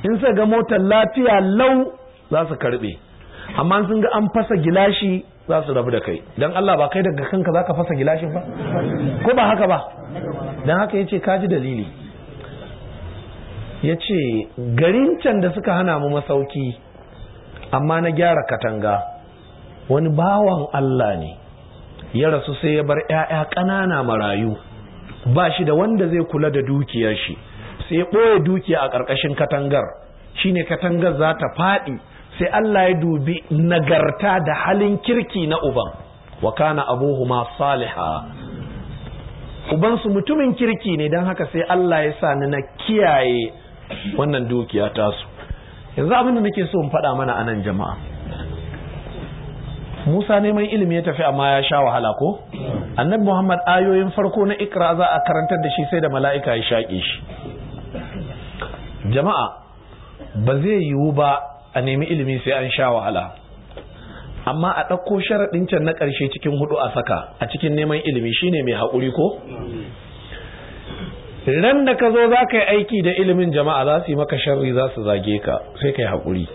S1: in sai ga motar lafiya lau za su karbe amma sun ga an fasa gilashi za su rabu da kai don Allah ba kai daga kanka za ka fasa gilashin ba ko ba haka ba don haka ya ce kaji dalili ya ce garin can da suka hana mu masauki amma na gyara katanga wani bawan Allah ne ya rasu sai ya bar 'ya'ya ƙanana marayu ba shi da wanda zai kula da dukiyar shi sai ya ɓoye dukiya a ƙarƙashin katangar shine katangar za ta faɗi sai Allah ya dubi nagarta da halin kirki na uban wa kana abuhuma saliha ubansu mutumin kirki ne don haka sai Allah ya sa ni na kiyaye wannan dukiya tasu yanzu abin da nake so in faɗa mana anan jama'a Musa neman ilimi ya tafi amma ya sha wahala ko annabi Muhammad ayoyin farko na ikra za a karantar da shi sai da mala'ika ya shaƙe shi jama'a ba zai yiwu ba a nemi ilimi sai an sha wahala amma a ɗauko sharaɗin can na ƙarshe cikin hudu a saka a cikin neman ilimi shine mai haƙuri ko ran da ka zo za ka yi aiki da ilimin jama'a za su yi maka sharri za su zage ka sai ka yi haƙuri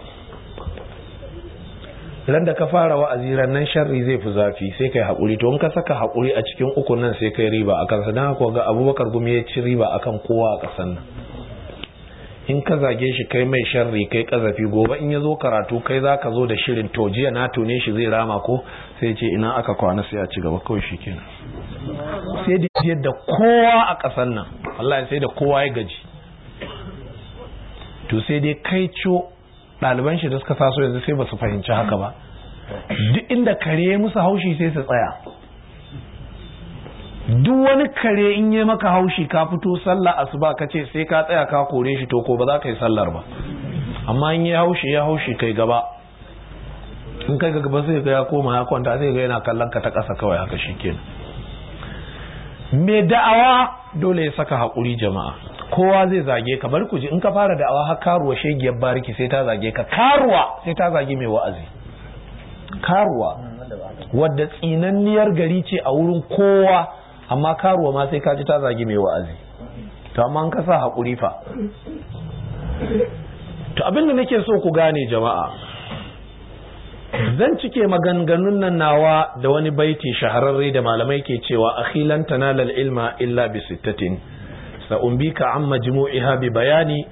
S1: ran da ka fara wa'azi nan sharri zai fi zafi sai kai haƙuri to in ka saka haƙuri a cikin uku nan sai kai riba a kansa don haka ga Abubakar gumi ya ci riba akan kowa a ƙasar nan in ka zage shi kai mai sharri kai kazafi gobe in ya zo karatu kai za zo da shirin to jiya na tone shi zai rama ko sai ce ina aka kwana sai a ci gaba kawai shi kenan sai da yadda kowa a ƙasar nan Allah sai da kowa ya gaji to sai dai kai ciwo ɗaliban shi da suka taso yanzu sai ba su fahimci haka ba duk inda kare musu haushi sai su tsaya duk wani kare in yi maka haushi ka fito sallah asuba ka ce sai ka tsaya ka kore shi to ko ba za ka yi sallar ba amma in yi haushi ya haushi kai gaba in kai gaba sai ga ya koma ya kwanta sai ga yana kallon ka ta kasa kawai haka shi ke mai da'awa dole ya saka haƙuri jama'a kowa zai zage ka bar ku ji in ka fara da'awa har karuwa shegiyar bariki sai ta zage ka karuwa sai ta zage mai wa'azi karuwa wadda tsinanniyar gari ce a wurin kowa amma karuwa ma sai ka ji ta zagi mai wa'azi to amma an kasa haƙuri fa to abinda nake so ku gane jama'a zan cike maganganun nan nawa da wani baiti shahararre da malamai ke cewa akhilan tanalal ilma illa bi sittatin umbika amma jumu'iha bi bayani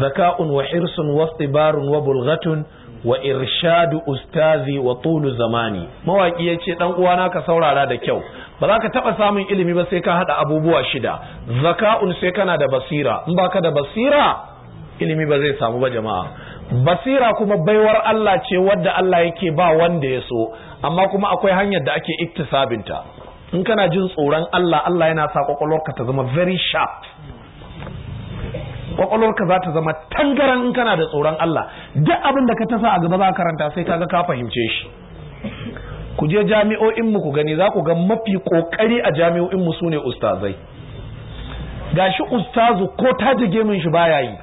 S1: zaka'un wa hirsun wa istibarun wa bulghatun wa irshadu ustazi wa tulu zamani mawaki yace dan uwana ka saurara da kyau ba za ka taɓa samun ilimi ba sai ka haɗa abubuwa shida zaka'un sai kana da basira in baka da basira ilimi ba zai samu ba jama'a basira kuma baiwar Allah ce wadda Allah yake ba wanda ya so amma kuma akwai hanyar da ake iktisabinta in kana jin tsoron Allah Allah yana sa kwakwalwarka ta zama very sharp kwakwalwarka za ta zama tangaran in kana da tsoron Allah duk abin da ka tasa a gaba za ka karanta sai ka ga ka fahimce shi ku je jami'o'in mu ku gani za ku ga mafi kokari a jami'o'in mu sune ustazai gashi ustazu ko ta jige min shi baya yi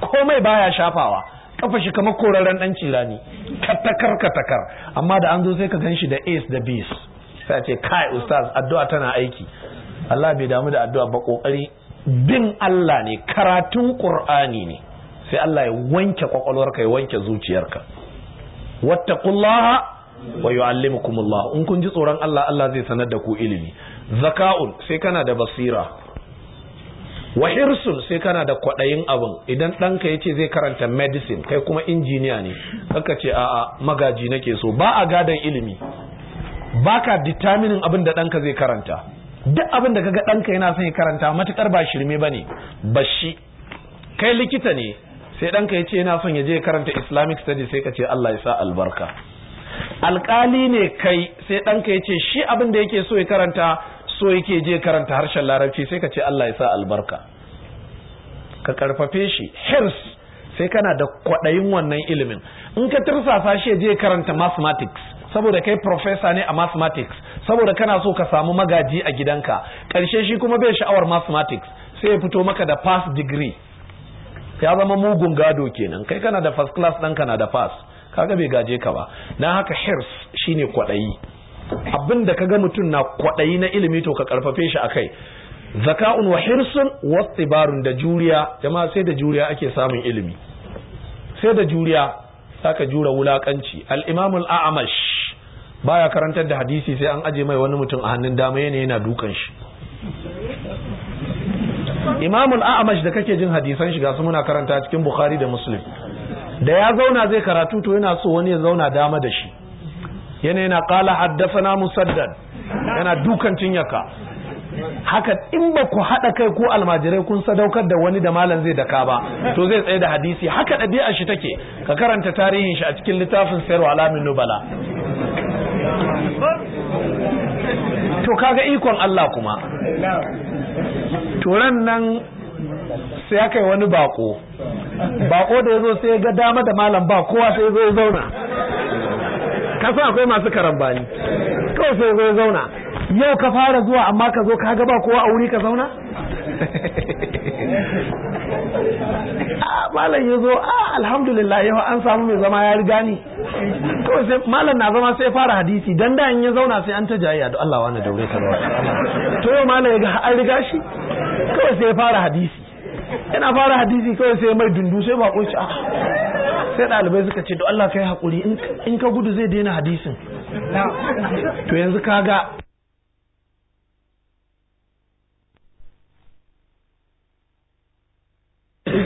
S1: komai baya shafawa kafa shi kamar koraren dan takar katakar katakar amma da an zo sai ka gan shi da ace da bis sai ce kai ustaz addu'a tana aiki Allah bai damu da addu'a ba kokari bin Allah ne karatun Qur'ani ne sai Allah ya wanke kwakwalwarka ya wanke zuciyarka wattaqullaha wa yu'allimukumullah in kun ji tsoron Allah Allah zai sanar da ku ilimi zaka'un sai kana da basira wa hirsun sai kana da kwadayin abin idan ɗanka yace zai karanta medicine kai kuma injiniya ne kaka ce a'a magaji nake so ba a gadan ilimi baka determining abin da ɗanka zai karanta duk abin da kaga ɗanka yana son ya karanta matukar ba shirme bane bashi kai likita ne sai ɗanka yace yana son ya je karanta islamic studies sai ka ce Allah ya sa albarka alkali ne kai sai ɗanka ya ce shi abin da yake so ya karanta so yake je karanta harshen larabci sai ka ce Allah ya sa albarka ka karfafe shi hirs sai kana da kwaɗayin wannan ilimin in ka tursasa shi je karanta mathematics saboda kai professor ne a mathematics saboda kana so ka samu magaji a gidanka ƙarshe shi kuma bai sha'awar mathematics sai ya fito maka da pass degree ya zama mugun gado kenan kai kana da first class ɗanka na da pass kaga bai gaje ka ba na haka hirs shine kwaɗayi abin da kaga mutum na kwaɗayi na ilimi to ka karfafe shi akai zaka'un wa hirsun wastibarun da juriya jama'a sai da juriya ake samun ilimi sai da juriya saka jura wulakanci al-imam al-a'mash baya karantar da hadisi sai an aje mai wani mutum a hannun dama yana yana dukan shi imam al-a'mash da kake jin hadisan shi ga su muna karanta cikin bukhari da muslim da ya zauna zai karatu to yana so wani ya zauna dama da shi yana yana kala na musaddad yana dukan cinyaka haka in ba ku haɗa kai ko almajirai kun sadaukar da wani da malam zai daka ba to zai tsaye da hadisi haka ɗabi'a shi take ka karanta tarihin shi a cikin littafin sayar wa alamin nubala to kaga ikon Allah kuma turan nan sai aka yi wani bako bako da ya zo sai ga dama da malam ba kowa sai ya zo ya zauna kasa akwai masu karambani kawai sai ya zo ya zauna yau ka fara zuwa amma ka zo ka ga ba kowa a wuri ka zauna ah, malam ya zo a ah, alhamdulillah yau an samu mai zama ya riga ni kawai sai malam na zama sai fara hadisi dan da ya zauna sai an ta jayi da Allah wani daure ta zauna to yau malam ya ga an riga shi kawai sai ya fara hadisi yana fara hadisi kawai sai mai dundu sai bakon shi ah. sai ɗalibai suka ce to Allah kai hakuri in ka gudu zai daina hadisin to yanzu ka ga.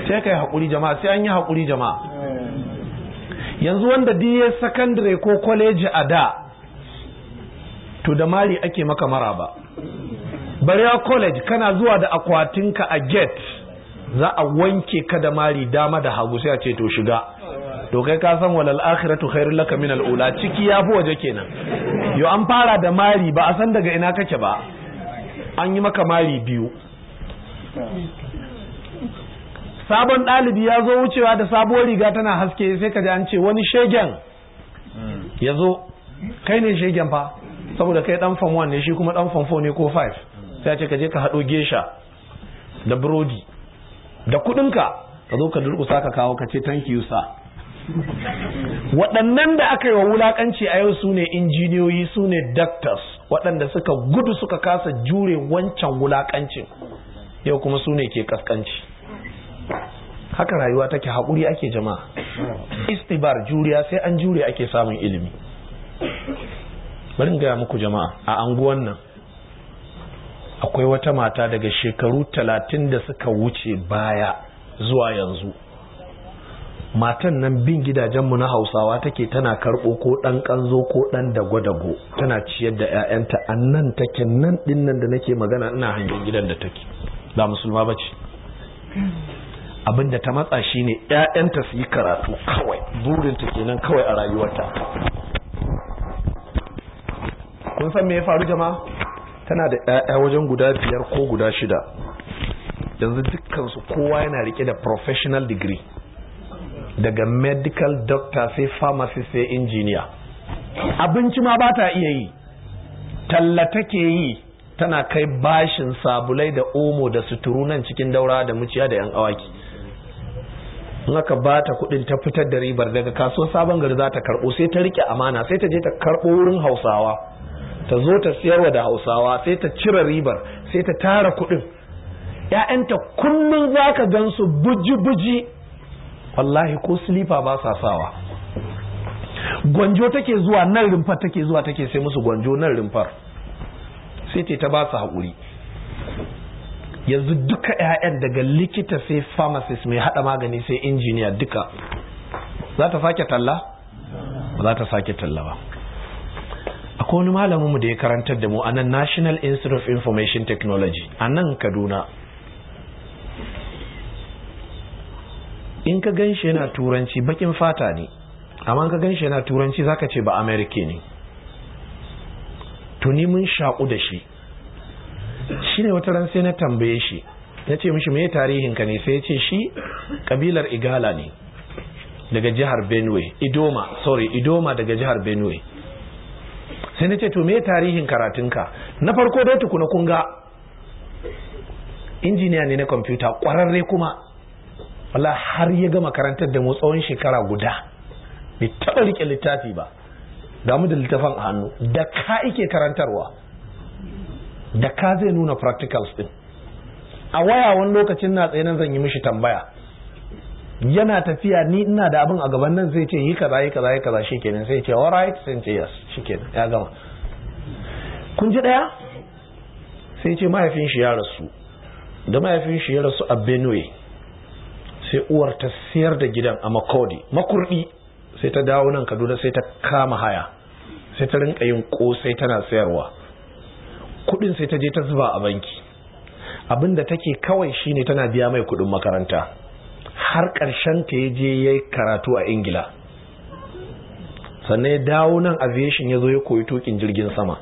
S1: sai kai hakuri jama'a sai an yi hakuri jama'a yanzu wanda diye secondary ko college a da to da mari ake maka maraba bariya college kana zuwa da akwatinka a gate za a wanke ka da mari dama da hagu sai a ce to shiga to kai ka san walal akhiratu khairul laka min alula ciki ya fi waje kenan yo an fara da mari ba a san daga ina kake ba an yi maka mari biyu sabon ɗalibi ya zo wucewa da sabuwar riga tana haske sai ka ji an ce wani shegen hmm. ya zo kai ne shegen fa saboda kai dan fan 1 ne shi kuma dan fan 4 ne ko 5 sai a ce ka je ka haɗo gesha da burodi da kuɗinka ka zo ka durƙusa ka kawo ka ce thank you sir waɗannan da aka yi wa wulaƙanci a yau su ne injiniyoyi su ne doctors waɗanda suka gudu suka kasa jure wancan wulaƙancin yau kuma su ne ke kaskanci haka rayuwa take haƙuri ake jama'a istibar juriya sai an jure ake samun ilimi bari gaya muku jama'a a anguwan nan akwai wata mata daga shekaru talatin da suka wuce baya zuwa yanzu matan nan bin gidajenmu na hausawa take tana karɓo ko ɗan ƙanzo ko ɗan dago-dago tana ciyar da 'ya'yanta a nan take nan ɗin nan da nake magana ina hangen gidan da take ba musulma ba ce abinda ta matsa shi ne 'ya'yanta su yi karatu kawai burinta kenan kawai a rayuwarta kun san me ya faru jama'a tana da ɗaya wajen guda biyar ko guda shida yanzu dukkansu kowa yana rike da professional degree daga medical doctor sai pharmacist sai engineer abinci ma ba ta iya yi talla take yi tana kai bashin sabulai da omo da suturu nan cikin daura da muciya da yan awaki in aka ba ta kudin ta fitar da ribar daga kasuwar sabon gari za ta karbo sai ta rike amana sai ta je ta karbo wurin hausawa ta zo ta siyarwa da hausawa sai ta cire ribar sai ta tara kuɗin ‘ya'yanta kullum za ka gan su buji-buji wallahi ko silifa ba sa sawa gwanjo take zuwa nan rumfar take zuwa take sai musu gwanjo nan rumfar sai ta ba su haƙuri yanzu duka 'ya'yan daga likita sai pharmacist mai haɗa magani sai injiniya duka za ta sake talla ba za ta sake talla ba Ko wani malamin mu da ya karantar da mu a nan national institute of information technology a nan kaduna in ka gan shi yana turanci bakin fata ne amma ka gan shi yana turanci zaka ce ba amerika ne tuni mun shaƙu da shi shi ne wata ran sai na tambaye shi na ce mishi mai tarihin ka ne sai ya ce shi kabilar igala ne daga jihar benue idoma sorry idoma daga jihar benue sai na ce to me tarihin karatunka na farko dai tukuna kun ga injiniya ne na kwamfuta kwararre kuma wala har ya gama karantar da mu tsawon shekara guda bai taɓa rike littafi ba ga mu da littafin hannu da ka ike karantarwa da ka zai nuna practicals din a waya wani lokacin na tsaye nan zan yi mishi tambaya yana tafiya ni ina da abin a gaban nan zai ce yi kaza yi kaza yi kaza shikenan sai ce all right sai ce yes shikenan ya gama kun ji daya sai ce mahaifin shi ya rasu da mahaifin shi ya rasu a Benue sai uwar ta siyar da gidan a Makodi makurdi sai ta dawo nan Kaduna sai ta kama haya sai ta rinka yin kosai tana sayarwa kudin sai ta je ta zuba a banki abinda take kawai shine tana biya mai kudin makaranta har ƙarshen ta ya je ya yi karatu a ingila sannan ya dawo nan aviation ya zo ya koyi tukin jirgin sama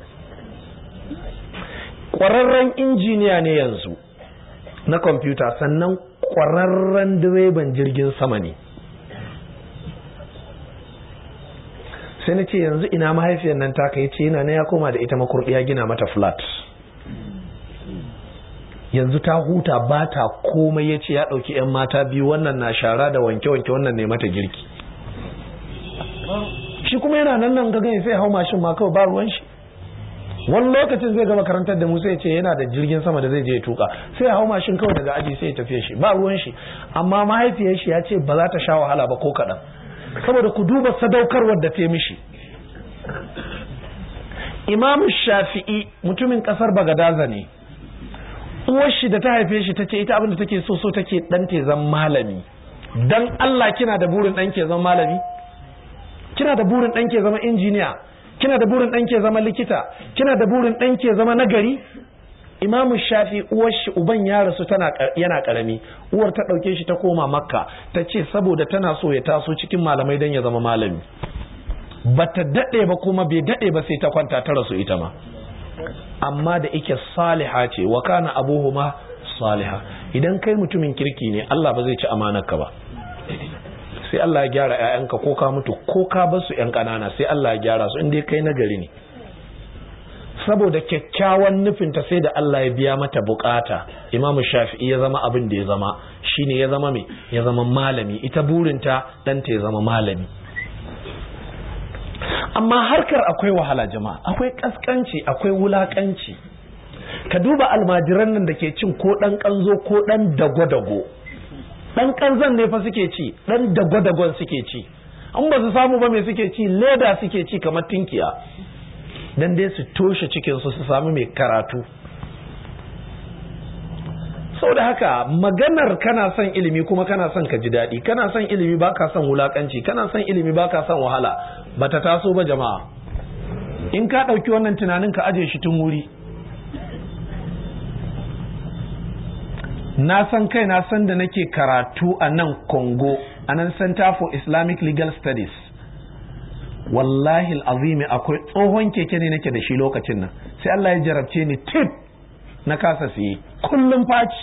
S1: ƙwararren injiniya ne yanzu na kwamfuta sannan ƙwararren direban jirgin sama ne sai na ce yanzu ina mahaifiyar nan taka ya ce yana na ya koma da ita makurɗi ya gina mata flat yanzu ta huta ba ta komai ya ce ya ɗauki 'yan mata biyu wannan na shara da wanke-wanke wannan ne mata girki shi kuma yana nan nan gagan sai hau mashin ma kawai ba ruwan shi wani lokacin zai gama karantar da mu ya ce yana da jirgin sama da zai je tuka sai hau mashin kawai daga aji sai ya tafiye shi ba ruwan shi amma mahaifiyar shi ya ce ba za ta sha wahala ba ko kaɗan saboda ku duba sadaukarwar da ta mishi imamu shafi'i mutumin ƙasar bagadaza ne uwar shi da ta haife shi tace ita abin da take so so take dan te zan malami dan Allah kina da burin dan ke zama malami kina da burin dan ke zama injiniya kina da burin dan ke zama likita kina da burin dan ke zama nagari imamu shafi uwar shi uban ya rasu tana yana karami uwar ta dauke shi ta koma makka tace saboda tana so ya taso cikin malamai dan ya zama malami bata dade ba kuma bai dade ba sai ta kwanta ta rasu ita ma amma da ike saliha ce wa kana abuhuma saliha idan kai mutumin kirki ne Allah ba zai ci amanar ka ba sai Allah ya gyara ƴaƴanka ko ka mutu ko ka bar su ƴan ƙanana sai Allah ya gyara su inda kai nagari ne saboda kyakkyawan nufinta sai da Allah ya biya mata bukata Imam Shafi'i ya zama abin da ya zama shine ya zama me ya zama malami ita burinta dan ta ya zama malami amma harkar akwai wahala jama'a akwai kaskanci akwai wulakanci ka duba almajiran nan da ke cin ko ɗan ƙanzo ko ɗan dago-dago ɗan ƙanzon ne fa suke ci ɗan dago-dagon suke ci an ba su samu ba mai suke ci leda suke ci kamar tinkiya dan dai su toshe cikin su su samu mai karatu Sau da haka maganar kana son ilimi kuma kana son ka ji daɗi kana son ilimi ba ka son wulakanci kana son ilimi ba ka son wahala Ba ta taso ba jama'a in ka ɗauki wannan tunanin ka ajiye shi tun wuri na san kai na san da nake karatu a nan congo a nan center for islamic legal studies wallahi azimi akwai tsohon keke ne nake da shi lokacin nan sai allah ya jarabce ni tip na kasa siye kullum faci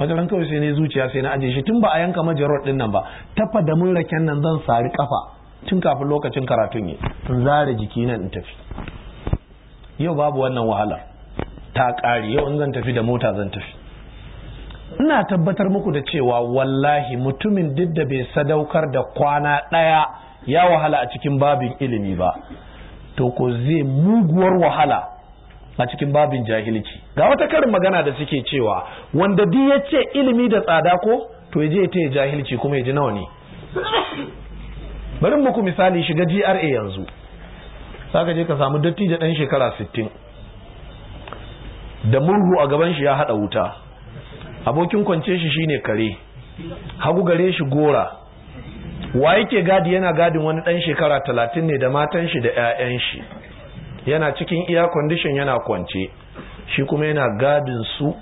S1: wajen kawai sai ne zuciya sai na ajiye shi tun ba a yanka majarot din nan ba tafa da mun raken nan zan sari kafa tun kafin lokacin karatun yi in zare jiki nan in tafi yau babu wannan wahala ta ƙari yau in zan tafi da mota zan tafi ina tabbatar muku da cewa wallahi mutumin duk da bai sadaukar da kwana ɗaya ya wahala a cikin babin ilimi ba to ko zai muguwar wahala a cikin babin jahilci ga wata karin magana da suke cewa wanda duk ya ce ilimi da tsada ko to ya je ta jahilci kuma ya ji nawa ne bari muku misali shiga GRA yanzu ka je ka samu dattijo dan shekara sittin. da murhu a gaban shi ya hada wuta abokin kwance shi shine kare hagu gare shi gora wa yake gadi yana gadin wani dan shekara talatin ne da matan shi da 'ya'yan shi yana cikin iya condition yana kwance shi kuma yana gadin su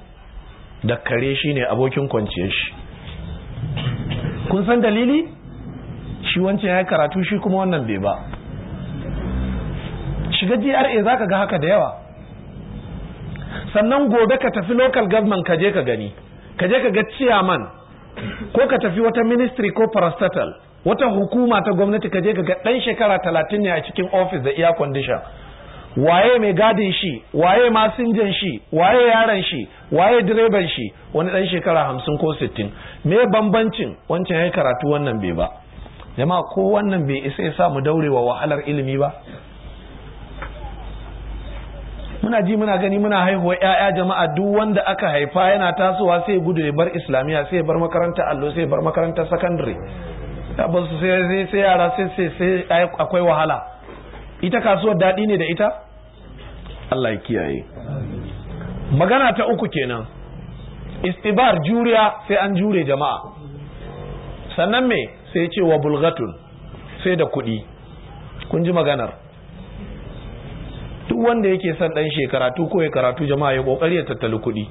S1: da kare shi ne abokin kwanciyar shi kun san dalili shi wancan ya karatu shi kuma wannan bai ba shiga GRA za ka ga haka da yawa sannan gobe ka tafi local government ka je ka gani ka je ka ga chairman ko ka tafi wata ministry ko parastatal wata hukuma ta gwamnati ka je ka ga dan shekara talatin ne a cikin office da air condition waye mai gadin shi waye masinjan shi waye yaron shi waye direban shi wani dan shekara hamsin ko sittin me bambancin wancan ya karatu wannan bai ba jama'a ko wannan bai isa ya samu daurewa wahalar ilimi ba muna ji muna gani muna haihuwa ya'ya jama'a duk wanda aka haifa yana tasowa sai gudu ya bar islamiyya sai bar makaranta allo sai bar makaranta sakandare sai yara sai sai akwai wahala ita kasuwar daɗi ne da ita Allah ya kiyaye magana ta uku kenan istibar juriya sai an jure jama'a sannan me sai ce wa bulgatun sai da kuɗi kun ji maganar duk wanda yake son ɗan shekaratu ko ya karatu jama'a ya ƙoƙari ya tattali kuɗi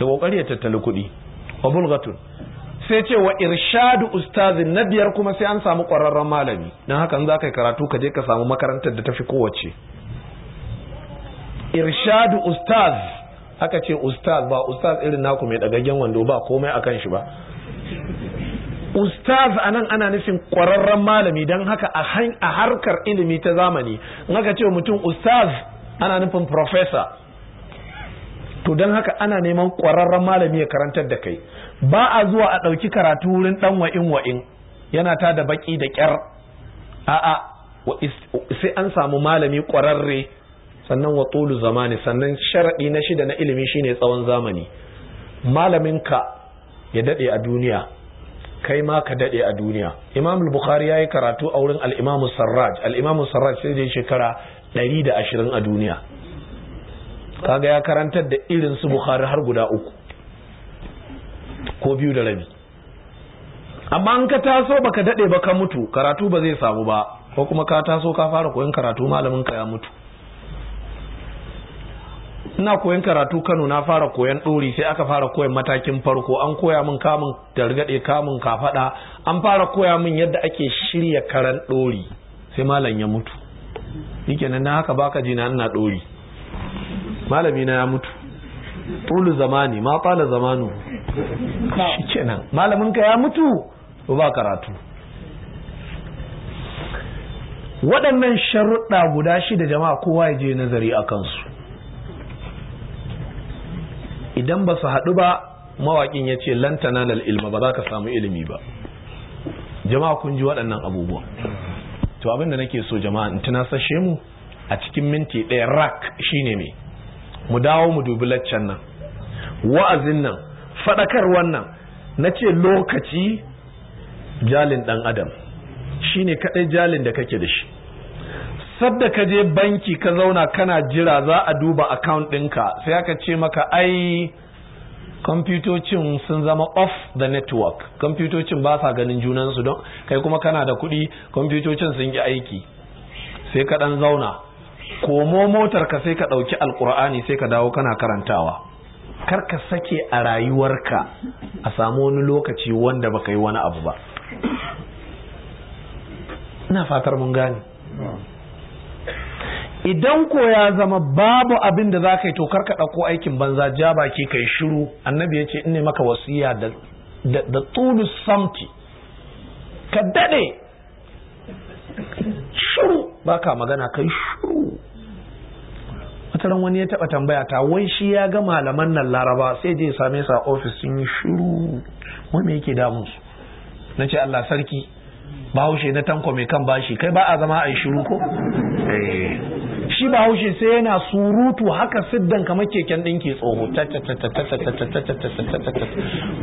S1: ya ƙoƙari ya tattali kuɗi wa bulgatun sai ce wa irshadu ustazin na biyar kuma sai an samu ƙwararren malami don haka za ka yi karatu ka je ka samu makarantar da tafi kowace irshadu ustaz aka ce ustaz ba ustaz irin naku mai dagaggen wando ba komai kan shi ba ustaz a nan ana nufin ƙwararren malami don haka a harkar ilimi ta zamani in aka ce mutum ustaz ana nufin profesa to don haka ana neman ƙwararren malami ya karantar da kai ba a zuwa a ɗauki karatu wurin ɗan wa'in wa'in yana ta da baki da ƙyar a'a sai an samu malami ƙwararre sannan wa tulu zamani sannan sharadi na shida na ilimi shine tsawon zamani malaminka ya daɗe a duniya kai ma ka daɗe a duniya imam al-bukhari yayi karatu a wurin al-imam sarraj al-imam sarraj sai da shekara 120 a duniya kaga ya karantar da irin su bukhari har guda uku ko biyu da rabi amma an ka taso baka daɗe ba ka mutu karatu ba zai samu ba ko kuma ka taso ka fara koyon karatu malamin ka ya mutu ina koyan karatu Kano na fara koyan ɗori sai aka fara koyan matakin farko an koya min kamun targaɗe kamun kafaɗa an fara koya min yadda ake shirya karan ɗori sai malam ya mutu nan na haka baka jina ina ɗori malami na ya mutu tulu zamani ma fala zamanu shikenan malamin ka ya mutu ba karatu waɗannan sharuɗa guda shida jama'a kowa ya je nazari a kansu idan ba su haɗu ba mawaƙin ya ce lantana na ilma ba za ka samu ilimi ba jama'a kun ji waɗannan abubuwa to abin da nake so jama'a in tunasashe mu a cikin minti ɗaya rak shine me mu dawo mu dubi laccan nan wa'azin nan faɗakar wannan na ce lokaci jalin ɗan adam shine kaɗai jalin da kake da shi sadda ka je banki ka zauna kana jira za a duba account ɗinka sai aka ce maka ai kwamfutocin sun zama off the network kwamfutocin ba sa ganin junansu don kai kuma kana da kuɗi kwamfutocin sun yi aiki sai ka ɗan zauna komo motar ka sai ka ɗauki alkur'ani sai ka dawo kana karantawa kar ka sake a rayuwarka a samu wani lokaci wanda baka yi wani abu ba ina fatar mun gane idan ko ya zama babu abin da za ka yi to kar ka ɗauko aikin banza ja baki kai shiru annabi ya ce in ne maka wasiya da da tulu samti ka daɗe shiru ba ka magana kai shiru wataran wani ya taɓa tambaya ta wai shi ya ga malaman nan laraba sai je same sa ofis sun yi shiru wai me yake damun na ce Allah sarki bahaushe na tanko mai kan bashi kai ba a zama a yi shiru ko eh. shi ba haushe sai yana surutu haka siddan kamar keken ɗinki tsoho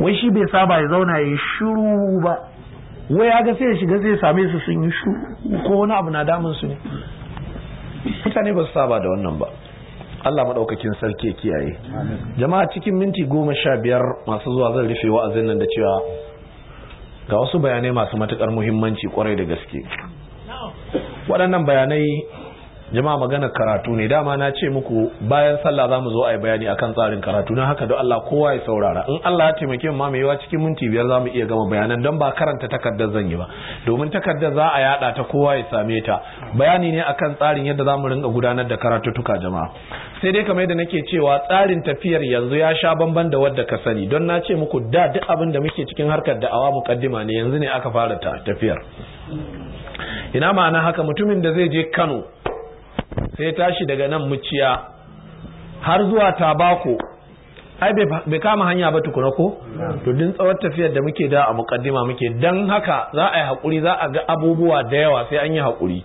S1: wai shi bai saba ya zauna ya shiru ba wai ya ga sai ya shiga zai same su sun yi shiru ko wani abu na damun su ne mutane ba su saba da wannan ba Allah madaukakin sarki ya kiyaye jama'a cikin minti goma sha biyar masu zuwa zan rufe wa'azin nan da cewa ga wasu bayanai masu matukar muhimmanci kwarai da gaske waɗannan bayanai jama'a magana karatu ne dama na ce muku bayan sallah za mu zo a yi bayani akan tsarin karatu na haka da Allah kowa ya saurara in Allah ya taimake mu mai yawa cikin minti biyar za mu iya gama bayanan don ba karanta takardar zan yi ba domin takardar za a yada ta kowa ya same ta bayani ne akan tsarin yadda za mu rinka gudanar da tuka jama'a sai dai kamar yadda nake cewa tsarin tafiyar yanzu ya sha bamban da wadda ka sani don na ce muku da duk abin da muke cikin harkar da awa mukaddima ne yanzu ne aka fara tafiyar ina ma'ana haka mutumin da zai je Kano sai tashi daga nan muciya har zuwa tabako ai bai kama hanya ba tukuna ko to din tsawon tafiyar da muke da a mukaddima muke dan haka za a yi hakuri za a ga abubuwa da yawa sai an yi hakuri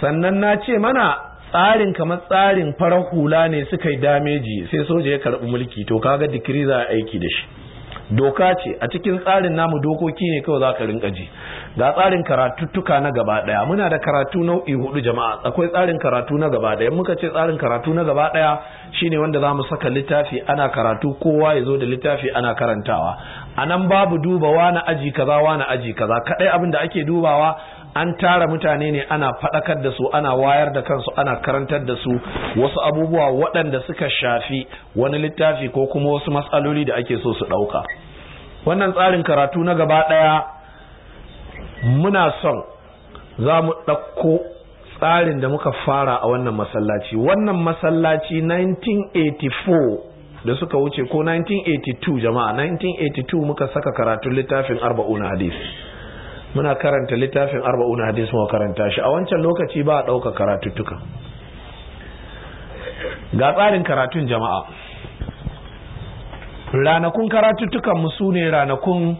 S1: sannan na ce mana tsarin kamar tsarin farar hula ne suka yi dameji sai soja ya karɓi mulki to kaga dikiri za a aiki da shi doka ce a cikin tsarin namu dokoki ne kawai za ka rinka ji ga tsarin karatuttuka na gaba daya muna da karatu nau'i hudu jama'a akwai tsarin karatu na gaba daya muka ce tsarin karatu na gaba daya shine wanda za mu saka littafi ana karatu kowa ya zo da littafi ana karantawa a nan babu dubawa na aji kaza na aji kaza kaɗai abin da ake dubawa an tara mutane ne ana faɗakar da su ana wayar da kansu ana karantar da su wasu abubuwa waɗanda suka shafi wani littafi ko kuma wasu matsaloli da ake so su ɗauka wannan tsarin karatu na gaba ɗaya muna son za mu ɗauko tsarin da muka fara a wannan masallaci wannan masallaci 1984 da suka wuce ko 1982 jama'a 1982 muka saka karatun littafin arba'una hadisi muna karanta littafin na hadis mu karanta shi a wancan lokaci ba a ɗauka karatuttuka ga tsarin karatun jama'a ranakun karatuttukan mu su ne ranakun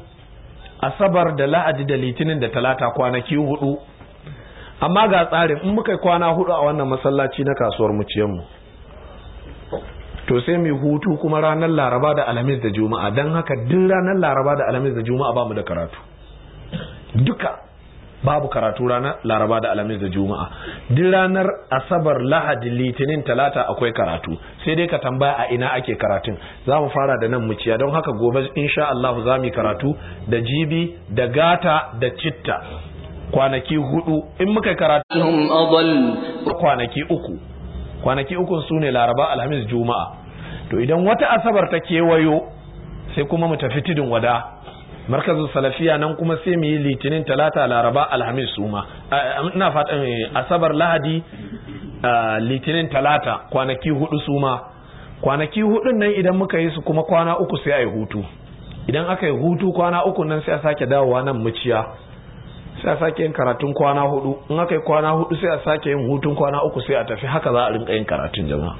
S1: asabar da la'adi da litinin da talata kwanaki hudu amma ga tsarin in muka kwana hudu a wannan masallaci na kasuwar mu mu to sai mu hutu kuma ranar laraba da alhamis da juma'a don haka duk ranar laraba da alhamis da juma'a ba mu da karatu duka babu karatu ranar laraba da alamis da juma'a duk ranar asabar lahadi litinin talata akwai karatu sai dai ka tambaya a ina ake karatun za mu fara da nan muciya don haka gobe insha Allah za mu karatu da jibi da gata da citta kwanaki hudu in muka karatu kwanaki uku kwanaki uku su ne laraba alhamis juma'a to idan wata asabar ta kewayo sai kuma mu tafi tudun wada markazin salafiya nan kuma sai mu yi litinin talata laraba alhamis suma ina fatan eh, asabar lahadi litinin talata kwanaki hudu suma kwanaki hudun nan idan muka yi su kuma kwana uku sai a yi hutu idan aka yi hutu kwana uku nan sai a sake dawowa nan muciya sai a sake yin karatun kwana hudu in aka yi kwana hudu sai a sake yin hutun kwana uku sai a tafi haka za a rinka yin karatun jama'a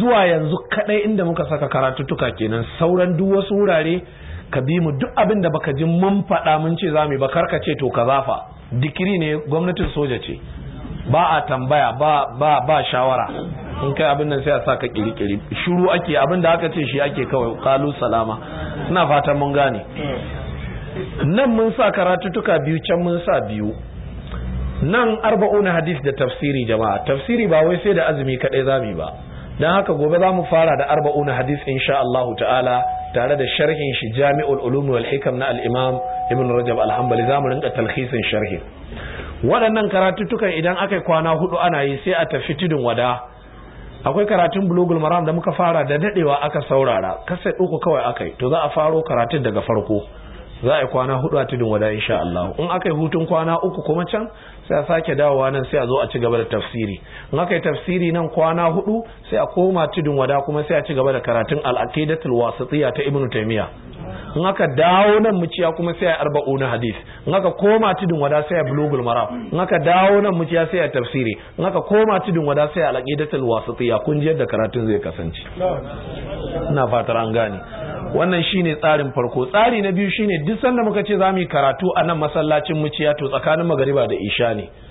S1: zuwa yanzu kadai inda muka saka karatuttuka kenan sauran duk wasu wurare ka bi mu duk abin da baka ji mun faɗa mun ce za mu ba ka ce to ka zafa. dikiri ne gwamnatin soja ce ba a tambaya ba ba ba shawara in kai abin nan sai a saka kirikiri Shuru ake abin da aka ce shi ake kawai kalu salama ina fatan mun gane nan mun sa karatutuka biyu can mun sa biyu nan arba'una hadis da tafsiri jama'a tafsiri ba wai sai da azumi kadai zamu ba dan haka gobe zamu fara da arba'una hadis insha Allah ta'ala tare da sharhin shi jami'ul ulum wal hikam na al-imam ibn rajab al-hanbali zamu rinka talhisin sharhin waɗannan karatuttukan idan aka kwana hudu ana yi sai a tafi tudun wada akwai karatun bulugul maram da muka fara da dadewa aka saurara kasai uku kawai akai to za a faro karatun daga farko za a kwana hudu a tudun wada insha Allah in aka hutun kwana uku kuma can sai a sake dawowa nan sai a zo a ci gaba da tafsiri in aka yi tafsiri nan kwana hudu sai a koma tudun wada kuma sai a ci gaba da karatun al'aqidatul aqidatul wasatiyya ta ibnu taymiya in aka dawo nan muciya kuma sai a arba'u na hadith in aka koma tudun wada sai a bulugul mara in aka dawo nan muciya sai a tafsiri in aka koma tudun wada sai a al'aqidatul wasatiyya kun ji yadda karatun zai kasance ina fatar an gane wannan shine tsarin farko tsari na biyu shine duk sanda muka ce za mu yi karatu a nan masallacin muciya to tsakanin magariba da isha ne